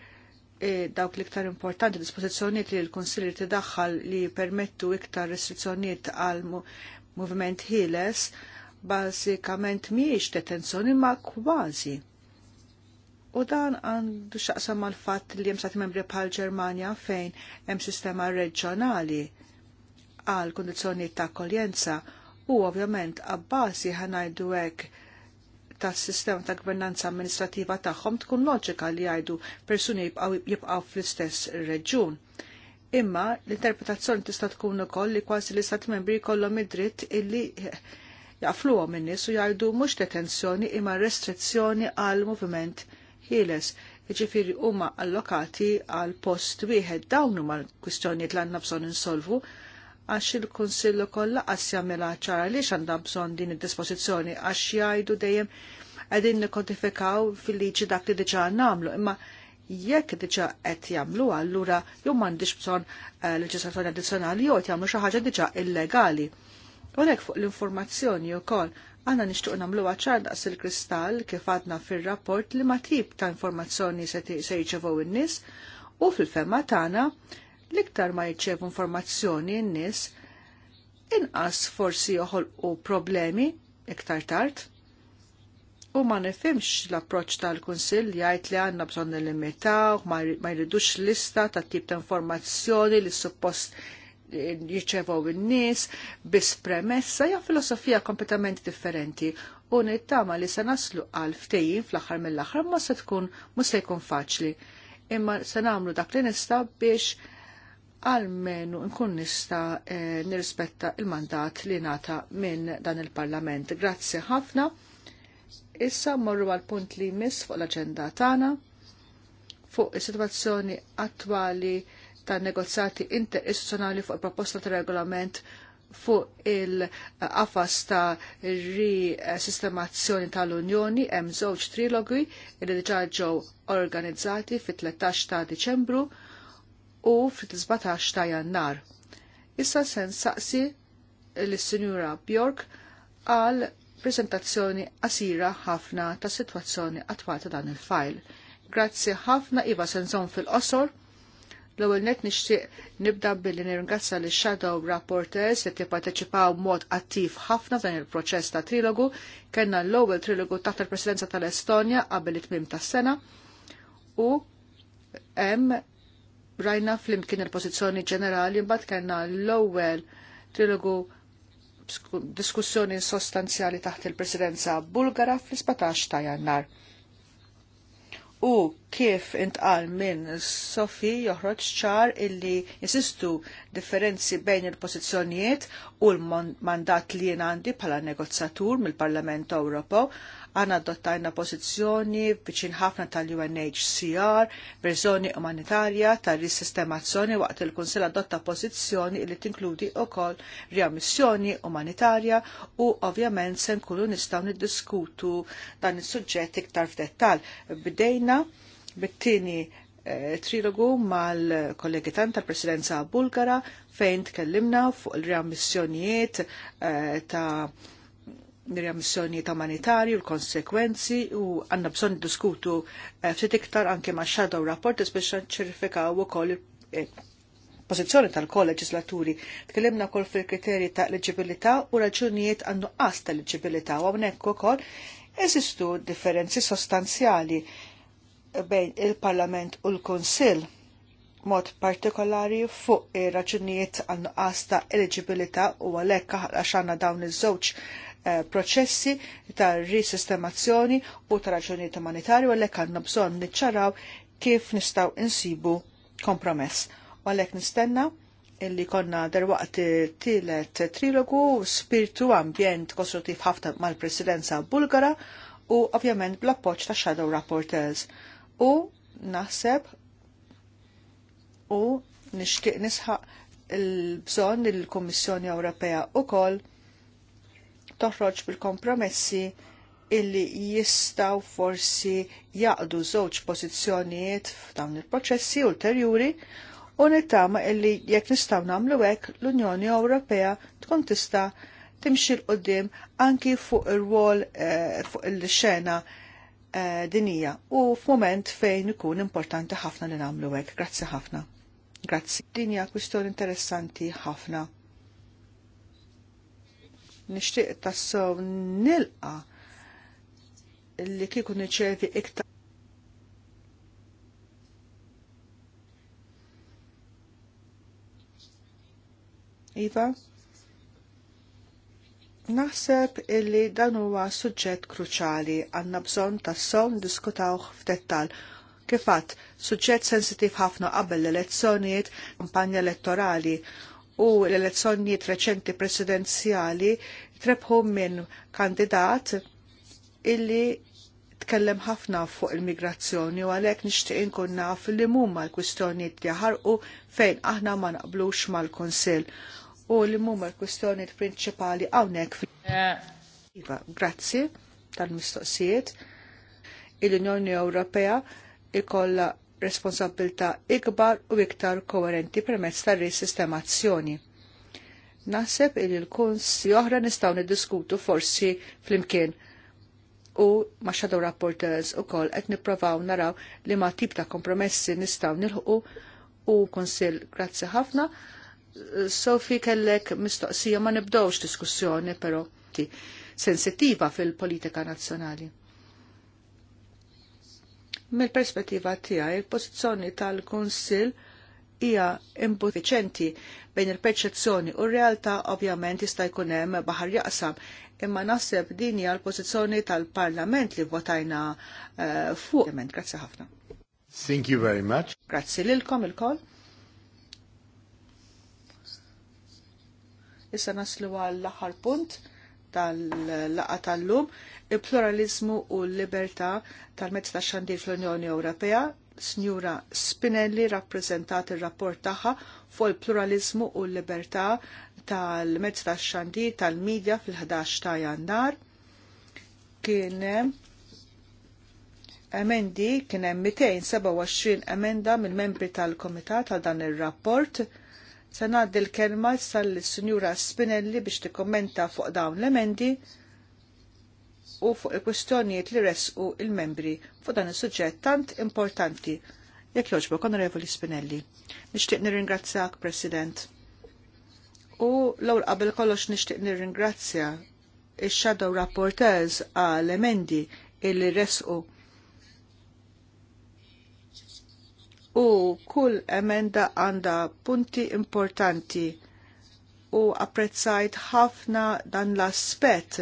e, dawk l-iktar importanti dispożizzjonijiet li l-Kunsilli tidaħħal li permettu iktar restrizzjonijiet għal moviment ħieles bażikament miex detenzjoni ma kważi. U dan għandu xaqsam mal fatt li hemm sati membri bħal Ġermanja fejn hemm sistema reġjonali għal kondizjoni ta' koljenza u ovvjament għabbasi ħanajdu hekk tas sistema ta' gvernanza amministrativa tagħhom tkun loġika li jgħidu persuni jibqgħu fl-istess reġjun. Imma l-interpretazzjoni tista' tkun ukoll li kważi li stat membri jkollhom id-dritt illi jaqfluhom in-nies u jgħidu mhux detenzjoni imma restrizzjoni għal moviment ħieles ġifiri huma allokati għal post wieħed dawn huma l-kwistjonijiet li għandna bżonn insolvu għax il-Konsillu kollha qas jagħmilha ċara għaliex għandha bżonn din id-dispożizzjoni għax jgħidu dejjem qegħdin nikkodifikaw fil-liġi dak li diġà nagħmlu, imma jekk diġà qed jagħmlu allura jew m'għandix bżonn uh, leġislazzjoni addizzjonali jew qed jagħmlu xi ħaġa diġà illegali. U hekk fuq l-informazzjoni wkoll għanna nishtuq nagħmluha ċar daqs il-kristall kif għadna fir-rapport li ma tip ta' informazzjoni se jiċevu in-nies u fil-fema tagħna L-iktar ma jirċevu informazzjoni n-nies, inqas forsi joħolqu problemi iktar tard. U ma nifimx l-approċ tal-Kunsill li jgħid li għandna bżonn nillimitaw, ma jridux lista ta' tip ta' informazzjoni li suppost eh, jiċevaw in-nies bis premessa hija filosofija kompletament differenti u nittama li se naslu għal ftejjin fl-aħħar mill-aħħar ma se tkun mhux se jkun faċli. Imma se nagħmlu dak li nista' biex għalmenu nkun nista eh, nirrispetta il-mandat li nata minn dan il-Parlament. Grazzi ħafna. Issa morru għal punt li jmiss fuq l-agenda tagħna fuq is-sitwazzjoni attwali tan negozjati interistituzzjonali fuq il-proposta ta' regolament fuq il-qafas ta' risistemazzjoni tal-Unjoni hemm żewġ trilogi li diġà ġew organizzati fit-13 ta' Diċembru u fit 17 ta' jannar. Issa sen saqsi l-Sinjura Bjork għal prezentazzjoni qasira ħafna ta' situazzjoni ta' dan il-fajl. Grazzi ħafna iva senżon fil-qosor. L-ewwel net nixtieq nibda billi nirringrazza l shadow rapporters li tipparteċipaw mod attiv ħafna f'dan il-proċess ta' trilogu. Kenna l-ewwel trilogu taħt il-Presidenza tal-Estonja qabel it-tmiem tas-sena u hemm rajna flimkien il-pozizjoni ġenerali, mbagħad kellna l-ewwel trilogu diskussjoni sostanzjali taħt il-presidenza bulgara fl-17 ta' jannar. U kif intqal minn Sofi joħroġ ċar illi insistu differenzi bejn il-pożizzjonijiet u l-mandat li jien għandi bħala negozjatur mill-Parlament Ewropew għana adottajna pożizzjoni biċin ħafna tal-UNHCR, verżjoni umanitarja tal-risistemazzjoni waqt il-Kunsil adotta pożizzjoni li tinkludi kol riammissjoni umanitarja u ovvjament se nkunu nistgħu niddiskutu dan is-suġġett iktar f'dettall. Bdejna bit-tieni eh, trilogu mal-kollegi tan tal-presidenza bulgara fejn tkellimna fuq il-reammissjonijiet eh, ta' reammissjonijiet umanitarju, l-konsekwenzi u għanna bżon diskutu eh, ftit iktar anke ma' shadow rapport biex ċerifikaw ukoll pożizzjoni tal-kolleġislaturi. Tkellimna wkoll fil-kriterji ta' eligibilità u raġunijiet għandu qas ta' eliġibilità u hawnhekk ukoll eżistu differenzi sostanzjali bejn il-Parlament u l-Konsil mod partikolari fuq ir-raġunijiet għan nuqqas ta' eligibilità u għalhekk għax għandna dawn iż-żewġ eh, proċessi ta' risistemazzjoni u ta' raġunijiet umanitarju għalhekk għandna bżonn niċċaraw kif nistgħu insibu kompromess. U għalhekk nistenna illi konna derwaqt tielet trilogu spiritu ambjent kostruttiv ħafna mal-presidenza bulgara u ovvjament bl-appoġġ ta' shadow rapporteurs u naħseb u nixtieq nisħaq il-bżonn il-Kommissjoni kummissjoni Ewropea wkoll toħroġ bil-kompromessi illi jistaw forsi jaqdu żewġ pożizzjonijiet f'dawn il-proċessi ulterjuri u nittama illi jekk nistgħu nagħmlu hekk l-Unjoni Ewropea tkun tista' timxi l anki fuq ir-rwol eh, fuq il-xena eh, Eh, dinija u f'moment fejn ikun importanti ħafna li nagħmlu hekk. Grazzi ħafna. Grazzi. Dinja kwistjoni interessanti ħafna. Nixtieq tassew nilqa li kieku niċċervi iktar Iva? Naħseb illi dan huwa suġġett kruċali għandna bżonn tas sowm diskutawh f'dettall. Kifat, suġġett sensitiv ħafna qabel l-elezzjonijiet, kampanja elettorali u l-elezzjonijiet reċenti presidenzjali trebħu minn kandidat illi tkellem ħafna fuq il-migrazzjoni u għalhekk nixtieq inkun naf li huma l-kwistjonijiet li ħarqu fejn aħna ma naqblux mal-Kunsill u li mumar kustjoni prinċipali għawnek. Eh. Iva, grazzi tal-mistoqsijiet. Il-Unjoni Ewropea ikolla responsabilta ikbar u iktar koherenti permezz tar sistemazzjoni. Naħseb il l kunz oħra nistgħu niddiskutu forsi flimkien u maċħadu shadow rapporters u koll qed nipprovaw naraw li ma' tip ta' kompromessi nistgħu nilħu u konsil grazzi ħafna Sofi kellek mistoqsija ma nibdowx diskussjoni però sensittiva fil-politika nazzjonali. Mill-perspettiva tiegħi il-pożizzjoni tal-Kunsill hija imbufiċenti bejn il-perċezzjoni u r-realtà ovvjament jista' jkun hemm baħar jaqsam, imma naħseb din hija l-pożizzjoni tal-Parlament li votajna uh, fuq. Grazzi ħafna. Thank you very much. Grazzi lilkom il-koll. Issa naslu l aħħar punt tal-laqa tal-lum, il-pluralizmu u l-libertà tal-mezz ta' xandir fl-Unjoni Ewropea, Snjura Spinelli rappresentat il-rapport tagħha fuq il-pluralizmu u l-libertà tal-mezz ta' xandir tal-medja fil-11 ta' jannar. Kien emendi kien hemm 227 emenda mill-membri tal-Komitat għal dan ir-rapport Se ngħaddi l-kelma sal-Sinjura Spinelli biex tikkommenta fuq dawn l-emendi u fuq il-kwistjonijiet li resqu il-membri fuq dan is-suġġett tant importanti. Jekk jogħġbok, Onorevoli Spinelli. Nixtieq nirringrazzjak, President. U l-ewwel qabel kollox nixtieq nirringrazzja ix-Shadow Rapporteurs għal emendi illi resqu u kull emenda għandha punti importanti u apprezzajt ħafna dan l-aspett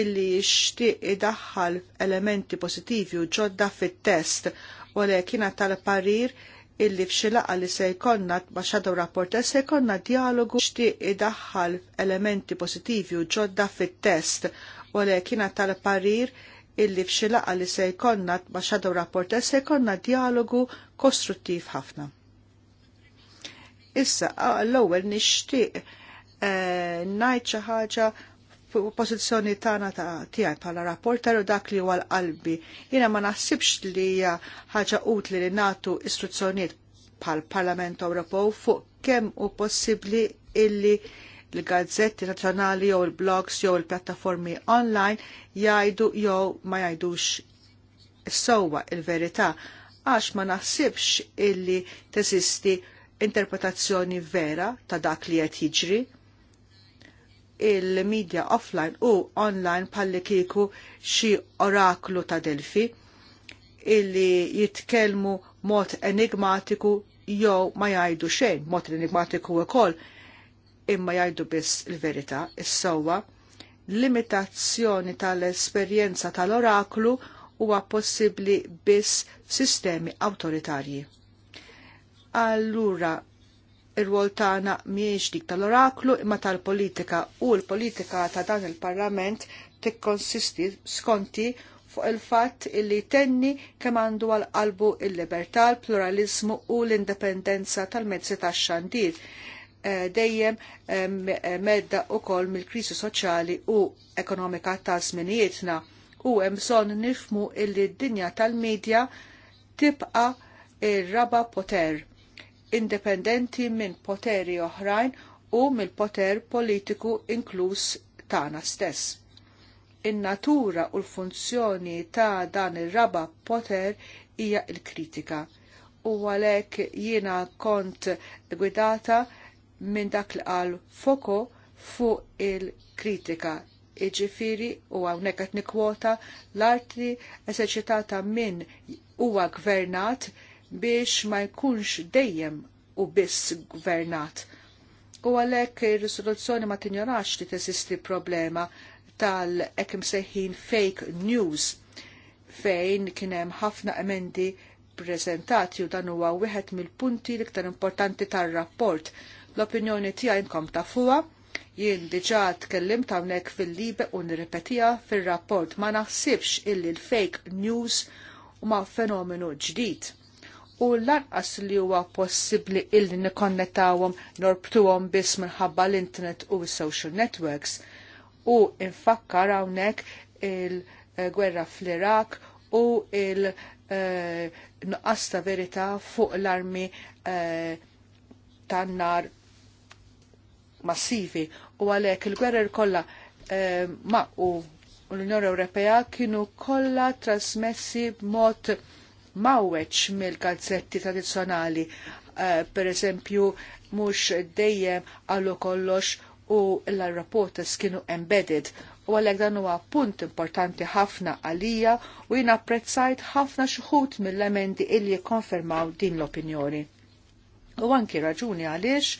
illi xtieq idaħħal elementi pożittivi u ġodda fit-test u li kiena tal-parir illi fxilaqa li se jkollna ma' rapport rapporter se jkollna dialogu xtieq idaħħal elementi pożittivi u ġodda fit-test u li kiena tal-parir illi f'xi laqgħa li se jkollna ma' shadow rapporter se jkollna dialogu kostruttiv ħafna. Issa l-ewwel nixtieq eh, ngħid xi ħaġa pozizjoni tagħna ta' tiegħi bħala rapporter u dak li huwa l-qalbi. Jiena ma naħsibx li hija ħaġa utli li nagħtu istruzzjonijiet bħal Parlament Ewropew fuq kemm u possibbli illi il-gazzetti nazjonali jew il-blogs jew il-pjattaformi online jgħidu jew ma jgħidux sewwa il-verità għax ma naħsibx illi teżisti interpretazzjoni vera ta' dak li qed jiġri il-medja offline u online palli kieku xi oraklu ta' Delfi illi jitkellmu mod enigmatiku jew ma jgħidu xejn, mod enigmatiku wkoll imma jgħidu biss il-verità, is-sewwa limitazzjoni tal-esperjenza tal-oraklu huwa possibbli biss f'sistemi awtoritarji. Allura, ir-rwol tagħna mhijiex dik tal-oraklu imma tal-politika u l-politika ta' dan il-Parlament tikkonsisti skonti fuq il-fatt illi tenni kemm għandu għal qalbu il-libertà, l-pluralizmu u l-indipendenza tal-mezzi tax-xandir Eh, dejjem eh, medda wkoll mill-kriżi soċjali u ekonomika ta' zminijietna u hemm bżonn nifmu illi d-dinja tal-medja tibqa ir-raba poter indipendenti minn poteri oħrajn u mill-poter politiku inkluż tagħna stess. In-natura u l-funzjoni ta' dan ir-raba poter hija l-kritika u għalhekk jiena kont gwidata minn dak li qal foko fuq il-kritika iġifiri u għaw nekat nikwota l-arti eserċitata minn huwa gvernat biex ma jkunx dejjem u biss gvernat. U għalek il-risoluzzjoni ma tinjorax li tesisti problema tal-ekim seħin fake news fejn kienem ħafna emendi prezentati u dan huwa wieħed mill-punti l-iktar importanti tar-rapport L-opinjoni tiegħi nkom tafuha jien diġa tkellim hawnhekk fil-libe u nirrepetija fil-rapport ma naħsibx illi l-fake news huma fenomenu ġdid. U lanqas li huwa possibbli illi nikkonnettawhom norbtuhom biss minħabba l-internet u s-social networks. U infakkar hawnhekk il-gwerra fl-Irak u il-nuqqas eh, ta' verità fuq l-armi eh, tan-nar massivi u għalhekk il-gwerer kollha eh, ma' u l-Unjoni Ewropea kienu kollha trasmessi b'mod mawweċ mill-gazzetti tradizzjonali. Uh, per eżempju, mhux dejjem għallu kollox u l-rapportes kienu embedded u għalhekk dan huwa punt importanti ħafna għalija u jien apprezzajt ħafna xħut mill-emendi illi konfermaw din l-opinjoni. U anki raġuni għaliex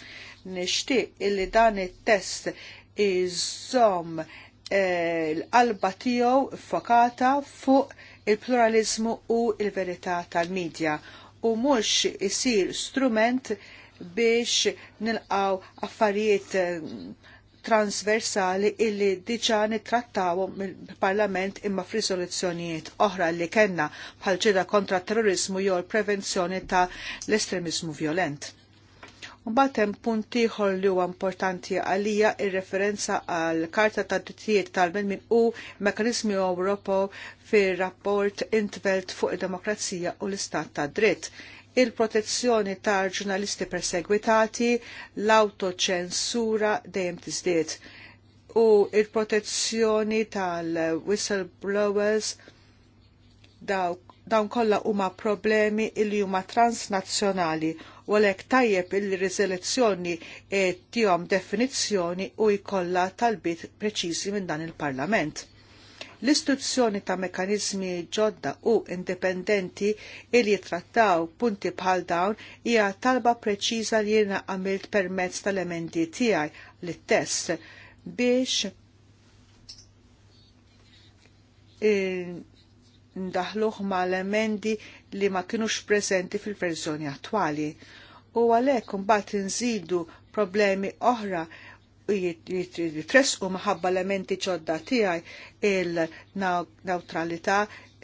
nixtieq illi dan it-test iżom eh, l-qalba tiegħu fokata fuq il-pluralizmu u il-verità tal-medja u mhux isir strument biex nilqaw affarijiet eh, transversali illi diġa nittrattawhom mill-Parlament imma f'risoluzzjonijiet oħra li kellna bħal ġeda kontra terrorizmu jew prevenzjoni ta' l-estremizmu violent. Mbagħad hemm punti ieħor li huwa importanti għalija ir-referenza għal Karta ta' Drittijiet tal-Bnedmin u Mekanizmi Ewropew fir-rapport Intvelt fuq id-Demokrazija u l-Istat ta' Dritt il-protezzjoni ta' ġurnalisti persegwitati, l-autoċensura dejjem tiżdied u il-protezzjoni tal-whistleblowers dawn kollha huma problemi li huma transnazzjonali u għalhekk tajjeb il riżoluzzjoni e eh, tihom definizzjoni u jkollha talbiet preċiżi minn dan il-Parlament. L-istituzzjoni ta' mekanizmi ġodda u indipendenti il jitrattaw punti bħal dawn hija talba preċiża li jiena għamilt permezz tal-emendi tiegħi lit-test biex eh, ndaħluħ ma l-emendi li ma kienux prezenti fil-verżjoni attwali u għalhekk mbagħad inżidu problemi oħra jitresqu maħabba elementi ġodda tiegħi il-neutralità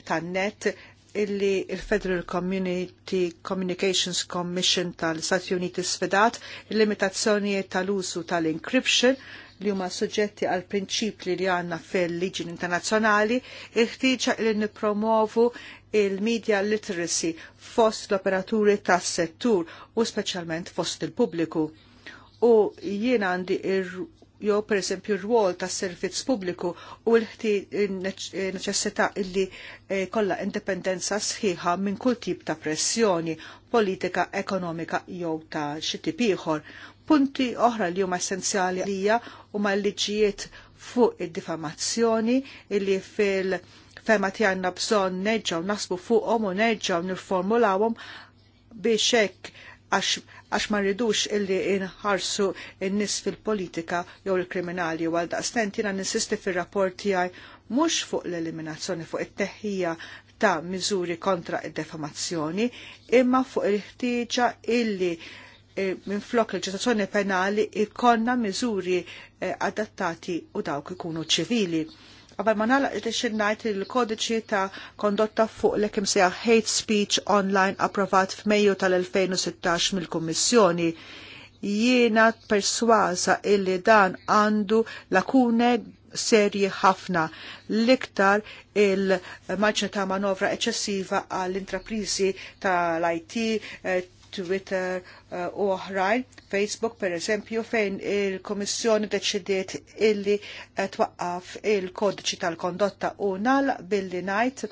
tan-net illi il-Federal Community Communications Commission tal-Stati Uniti sfidat il-limitazzjonijiet tal-użu tal-encryption li huma suġġetti għal prinċipli li għanna fil-liġin internazzjonali, il-ħtiġa li nipromovu il-media literacy fost l-operaturi tas settur u speċjalment fost il-pubbliku. U jien għandi jew per esempio r-rwol tas servizz pubbliku u l-ħti neċessità illi eh, kollha indipendenza sħiħa minn kull tip ta' pressjoni politika, ekonomika jew ta' xi tip ieħor. Punti oħra li huma essenzjali għalija huma l-liġijiet fuq id-difamazzjoni illi fil- ti għanna bżon neġġaw nasbu fuqom u neġġaw nirformulawom biex hekk għax ma rridux illi inħarsu n-nis fil-politika jew il-kriminali għal daqstent jina ninsisti fil-rapport għaj mux fuq l-eliminazzjoni fuq it-teħija ta' miżuri kontra id-defamazzjoni imma fuq il-ħtieġa illi e, minn flok il-ġestazzjoni penali ikonna miżuri e, adattati u dawk ikunu ċivili. Għabar ma nalaq li xinnajt il-kodiċi ta' kondotta fuq li kim seja hate speech online approvat f'Mejju tal-2016 mill-Kummissjoni. Jiena perswasa illi dan għandu lakune serji ħafna l-iktar il-marġna ta' manovra eċessiva għall-intraprizi tal-IT, eh, Twitter uh, u oħrajn, Facebook per eżempju, fejn il-Komissjoni deċidiet illi uh, twaqqaf il-kodiċi tal-kondotta u nal billi najt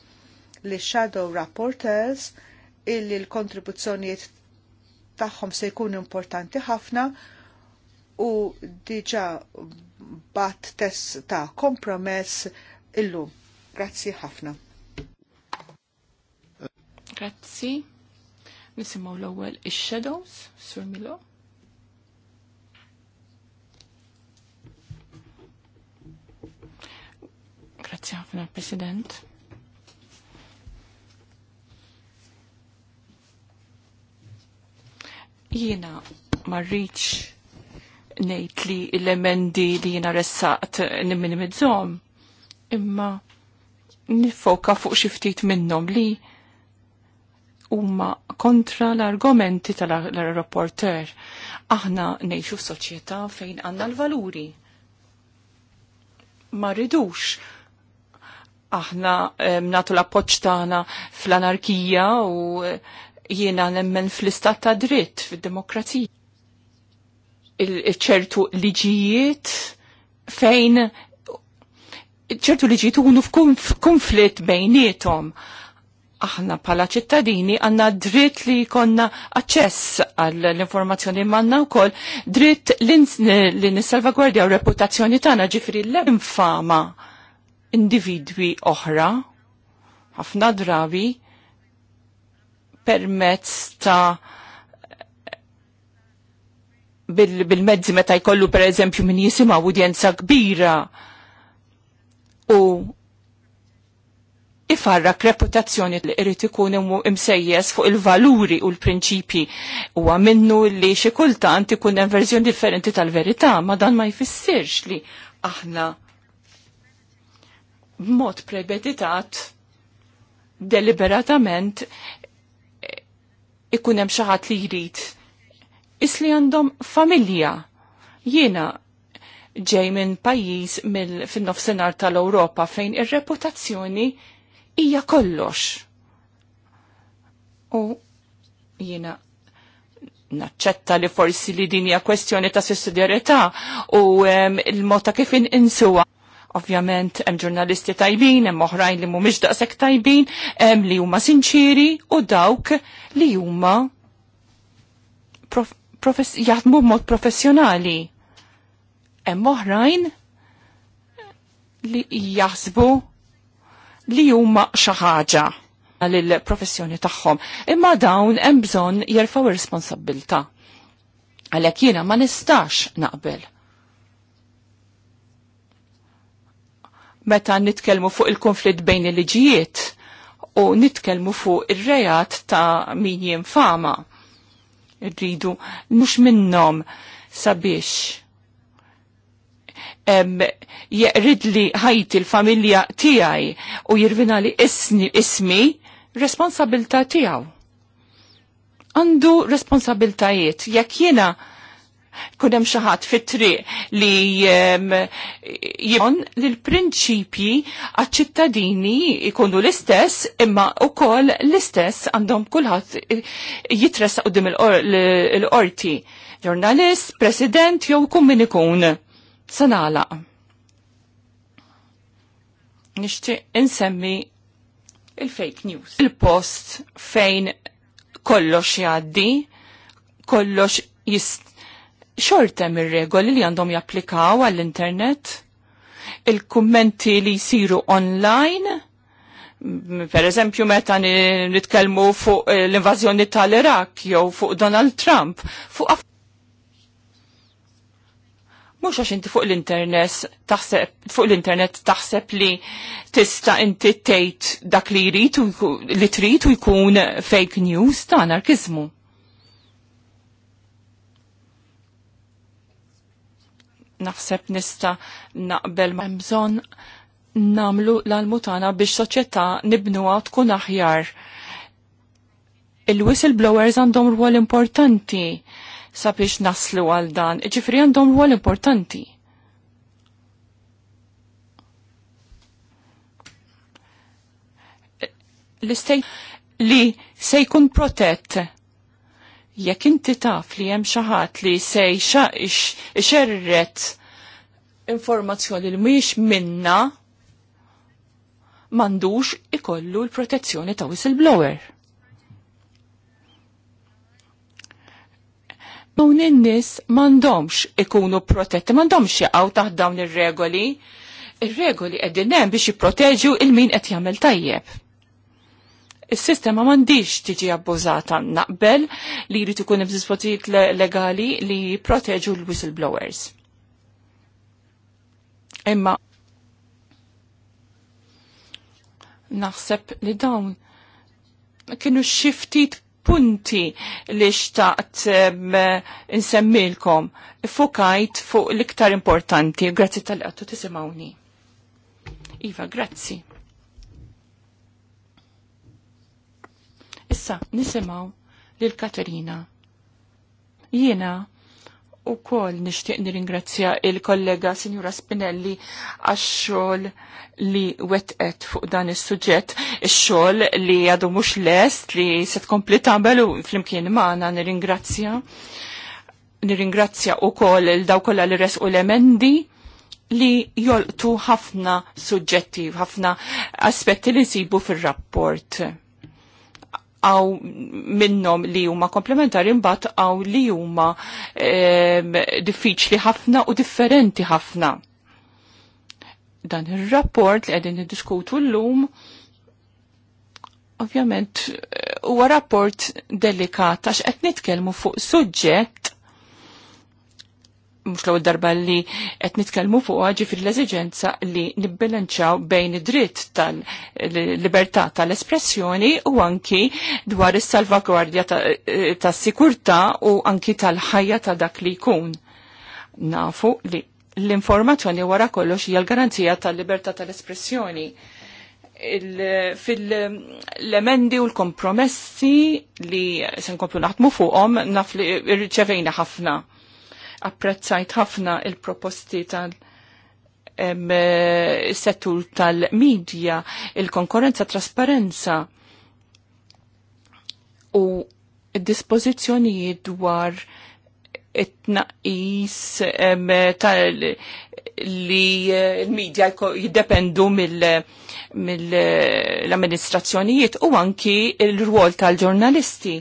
li shadow rapporteurs illi l-kontribuzzjonijiet tagħhom se jkun importanti ħafna u diġa bat test ta' kompromess illum. Grazzi ħafna. Grazzi nisimaw l-ewwel ix-Shadows, Sur Milo. Grazzi ħafna President. Jiena marriċ ngħid li l-emendi li jiena ressaqt nimminimizzhom imma nifoka fuq xi ftit minnhom li huma kontra l-argumenti tal-rapporter. Aħna nejxu f'soċjetà fejn għandna l-valuri. Ma ridux aħna mnatu l poċtana tagħna fl-anarkija u e, jiena nemmen fl-istat ta' dritt fil demokrazija ċertu liġijiet fejn ċertu liġijiet unu f'konflitt bejnietom aħna pala ċittadini għanna dritt li konna aċċess għall-informazzjoni manna u koll dritt li nissalvagwardja u reputazzjoni tana ġifri l-infama individwi oħra ħafna drabi permezz ta' bil-mezzi bil meta jkollu per eżempju min jisima udjenza kbira u ifarrak reputazzjoni li irrit ikun imsejjes fuq il-valuri u l-prinċipi u minnu li xi kultant ikun hemm verżjoni differenti tal-verità, ma dan ma jfissirx li aħna b'mod prebeditat deliberatament ikun hemm xi ħadd li jrid isli għandhom familja. Jiena ġej minn pajjiż fin-nofsinhar tal-Ewropa fejn ir-reputazzjoni hija kollox. U jiena naċċetta li forsi li din hija kwestjoni ta' sussidjarjetà u il mota kifin kif insuwa. Ovvjament hemm ġurnalisti tajbin, hemm oħrajn li mhumiex daqshekk tajbin, hemm li huma sinċiri u dawk li huma prof jaħdmu b'mod professjonali. Hemm oħrajn li jaħsbu li huma xi ħaġa lill-professjoni tagħhom. Imma dawn hemm bżonn jerfgħu responsabbilta Għalhekk jiena ma nistax naqbel. Meta nitkellmu fuq il-konflitt bejn il-liġijiet u nitkellmu fuq ir-rejat ta' min jinfama. rridu mhux minnhom sabiex jeqridli ħajti l-familja tiegħi u jirvina li isni, ismi responsabilta tiegħu. Għandu responsabiltajiet jekk jiena kunem xaħat fit-triq li jibon li l-prinċipji għal-ċittadini ikunu l-istess imma u kol l-istess għandhom kullħat jitressa u dim l-orti ġurnalist, president jew kun min ikun sanala Nixtieq insemmi il-fake news. Il-post fejn kollox jaddi, kollox jist xortem ir-regoli li għandhom japplikaw għall-internet, il-kummenti li jisiru online, per eżempju meta nitkellmu fuq l-invażjoni tal-Irak jew fuq Donald Trump, fuq Mux għax inti fuq l-internet taħseb fuq l-internet taħseb li tista' inti tgħid dak li jrid li trid u jkun fake news ta' anarkizmu. Naħseb nista' naqbel ma' bżonn namlu l-almutana biex soċjetà nibnuha tkun aħjar. Il-whistleblowers għandhom rwol importanti sabiex naslu għal dan. Ġifri għandhom rwol importanti. L-istej li se jkun protett jekk inti taf li hemm xi ħadd li se xerret informazzjoni li mhijiex minna m'għandux ikollu l-protezzjoni ta' whistleblower. dawn in-nies m'għandhomx ikunu protetti, m'għandhomx jaqgħu taħt dawn ir-regoli. Ir-regoli qegħdin hemm biex jipproteġu il min qed jagħmel tajjeb. Is-sistema m'għandix tiġi abbużata naqbel li jrid ikun hemm dispożijiet legali li jipproteġu l-whistleblowers. Imma naħseb li dawn kienu xiftit punti li xtaqt nsemmilkom. Fukajt fuq l-iktar importanti. Grazzi tal għattu tisimawni. Iva, grazzi. Issa, nisimaw lil Katerina. Jiena u kol nishtiq nir-ingrazzja il-kollega Signora Spinelli għax-xol li wetqet fuq dan is suġġett il-xol li għadu mux lest li set kompli belu fl-imkien maħna nir-ingrazzja nir-ingrazzja u kol il-daw kolla li res u l-emendi li jolqtu ħafna suġġetti, ħafna aspetti li nsibu fil-rapport għaw minnom li huma komplementari mbagħad għaw li huma ehm, diffiċli ħafna u differenti ħafna. Dan ir-rapport li qegħdin l llum ovvjament huwa rapport delikat għax qed nitkellmu fuq suġġett mux l darba li qed nitkellmu fuq ġifiri l-eżigenza li nibbilanċaw bejn id-dritt tal-libertà tal-espressjoni u anki dwar is-salvagwardja tas-sikurtà u anki tal-ħajja ta' dak li jkun. Nafu li l-informazzjoni wara kollox hija l-garanzija tal-libertà tal-espressjoni fil-lemendi u l-kompromessi li se nkomplu naħdmu fuqhom naf li rċevejna ħafna apprezzajt ħafna il-proposti tal- eh, settur tal-medja, il-konkurrenza, trasparenza u dispozizjonijiet dwar it-naqis li eh, l-medja jiddependu mill-amministrazzjonijiet eh, u anki l-rwol tal-ġurnalisti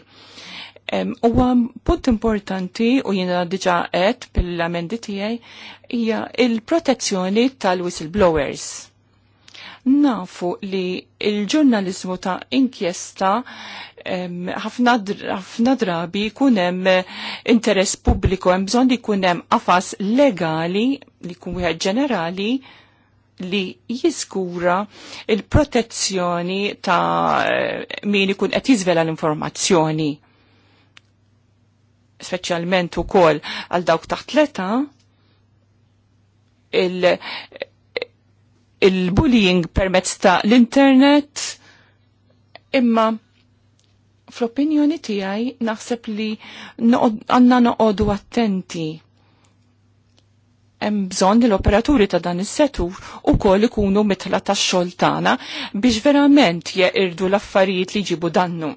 Huwa punt importanti u jiena diġà għed pil amendi tiegħi hija il-protezzjoni tal-whistleblowers. Nafu li il-ġurnalizmu ta' inkjesta ħafna drabi jkun hemm interess pubbliku, hemm bżonn li kunem hemm legali li jkun wieħed ġenerali li jiskura il-protezzjoni ta' min ikun qed jiżvela l-informazzjoni speċjalment ukoll għal dawk taħt leta il-bullying il permezz ta' l-internet imma fl-opinjoni tiegħi naħseb li għandna noqogħdu attenti hemm bżonn li l-operaturi ta' dan is settur ukoll ikunu mitla tax-xogħol tagħna biex verament jeqirdu l-affarijiet li jġibu dannu.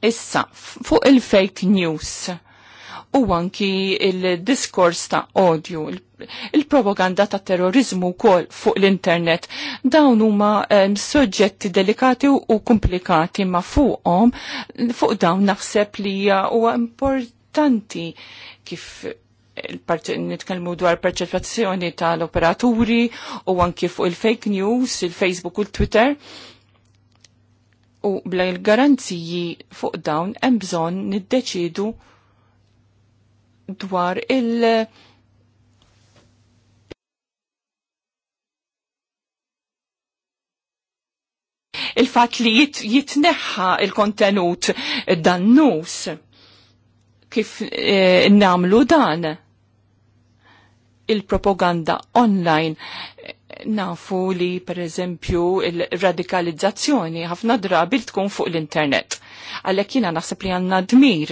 Issa, fuq il-fake news u anki il-diskors ta' odju, il-propaganda ta' terrorizmu kol fuq l-internet. Dawn huma soġġetti delikati u komplikati ma' fuqhom, fuq dawn naħseb li huwa importanti kif nitkellmu dwar perċepazzjoni tal-operaturi u anki fuq il-fake news, il-Facebook u l-Twitter. il facebook u twitter u bla il-garanziji fuq dawn hemm bżonn niddeċidu dwar il- il-fat li jit, jitneħħa il-kontenut dan-nus, kif eh, namlu dan il-propaganda online nafu li per eżempju il-radikalizzazzjoni ħafna drabi tkun fuq l-internet. Għalek jina naħseb li għanna dmir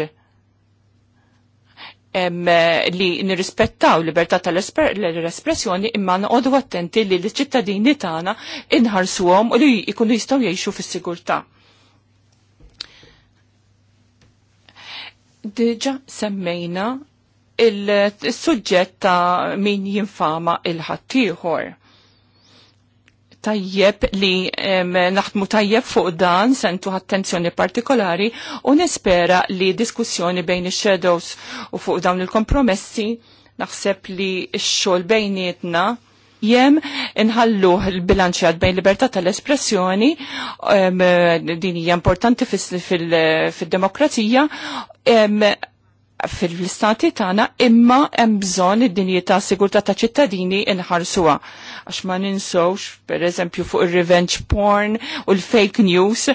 em, li nirrispettaw libertà tal-espressjoni imma noqogħdu attenti li l-ċittadini tagħna inħarsuhom u li jkunu jistgħu jgħixu fis-sigurtà. Diġa semmejna il sujġet ta' min jinfama il-ħattijħor. Tajjeb li naħdmu tajjeb fuq dan sentu attenzjoni partikolari u nispera li diskussjoni bejn il-shadows u fuq dawn il-kompromessi naħseb li x-xol bejnietna jem inħalluħ il bilanċjat bejn libertà tal-espressjoni, din hija importanti fil-demokrazija, fil-istati tagħna imma hemm bżonn id ta' sigurtà ta' ċittadini inħarsuha. Għax ma ninsowx, pereżempju fuq ir-revenge porn u l-fake news.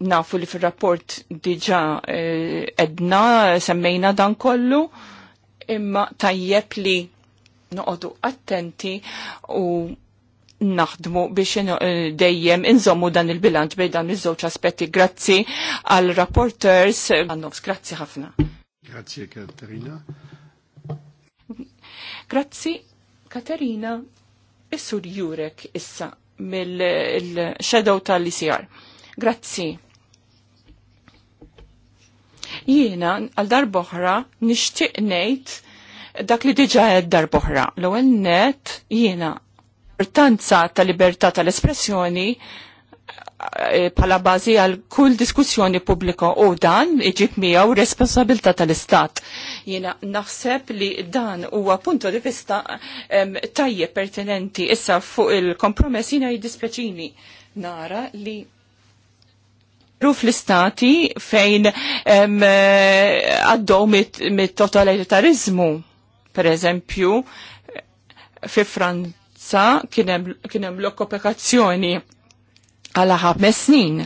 Nafu li fil-rapport diġa eh, edna semmejna dan kollu, imma tajjeb li noqodu attenti u naħdmu biex eh, dejjem inżommu dan il-bilanċ bej dan iż-żewġ aspetti. Grazzi għal rapporters eh, Annox, grazzi ħafna. Grazzi Katerina. Grazzi Katerina issur Jurek issa mill-shadow tal-ICR. Grazzi. Jiena għal darboħra nixtieq ngħid dak li diġa għed darboħra. L-ewwel net jiena l-importanza tal-libertà tal-espressjoni pala eh, bazi għal kull diskussjoni pubblika u dan iġib miegħu responsabilità tal-Istat. Jiena naħseb li dan huwa punto di vista tajjeb pertinenti issa fuq il-kompromess jiena jiddispjaċini nara li Ruf l-istati fejn eh, għaddew mit-totalitarizmu, per eżempju, eh, fi Franz. Franza kienem l-okkupazzjoni għal ħames snin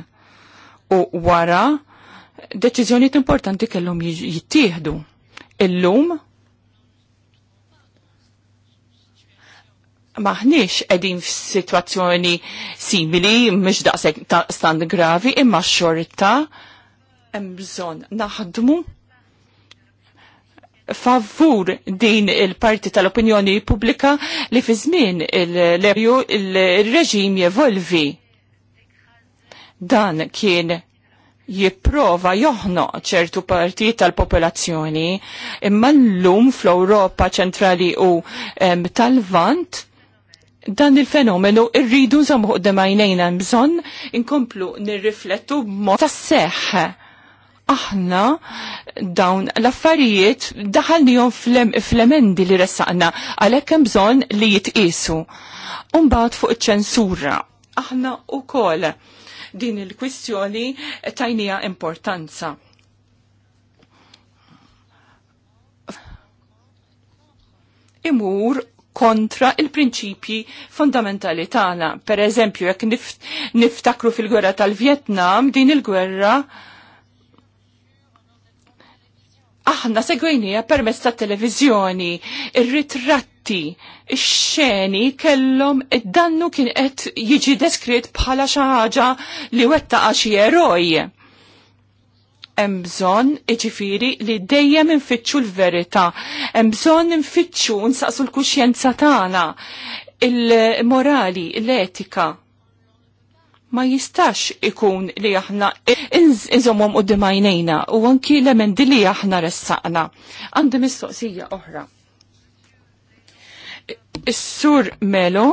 u wara deċiżjonijiet importanti kellhom jittieħdu. Illum maħniex edin f-situazzjoni simili, mhix daqshekk stand gravi, imma xorta hemm bżonn naħdmu favur din il-parti tal-opinjoni pubblika li fi żmien il-lerju il-reġim jevolvi. Dan kien jipprova joħnoq ċertu parti tal-popolazzjoni imma llum fl-Ewropa ċentrali u tal-Vant dan il-fenomenu irridu nżammu qudiem għajnejna bżonn inkomplu nirriflettu mod tas-seħħ aħna dawn l-affarijiet daħalnijom fl-emendi li ressaqna għalhekk hemm bżonn li jitqisu. Umbagħad fuq iċ-ċensura. Aħna wkoll din il-kwistjoni tajnija importanza. Imur kontra il-prinċipji fundamentali tagħna. Per eżempju, jekk niftakru fil-gwerra tal-Vjetnam, din il-gwerra aħna segwejnija permezz ta' televizjoni, ir-ritratti, ix-xeni kellhom id-dannu kien qed jiġi deskritt bħala xi ħaġa li wettaqa xi eroj. Hemm bżonn iġifieri li dejjem infittxu l-verità, hemm bżonn infittxu nsaqsu l-kuxjenza tagħna, il-morali, l-etika, ma jistax ikun li aħna inżomhom u dimajnejna u anki l-emendi li aħna ressaqna. Għandi mistoqsija oħra. Is-sur Melo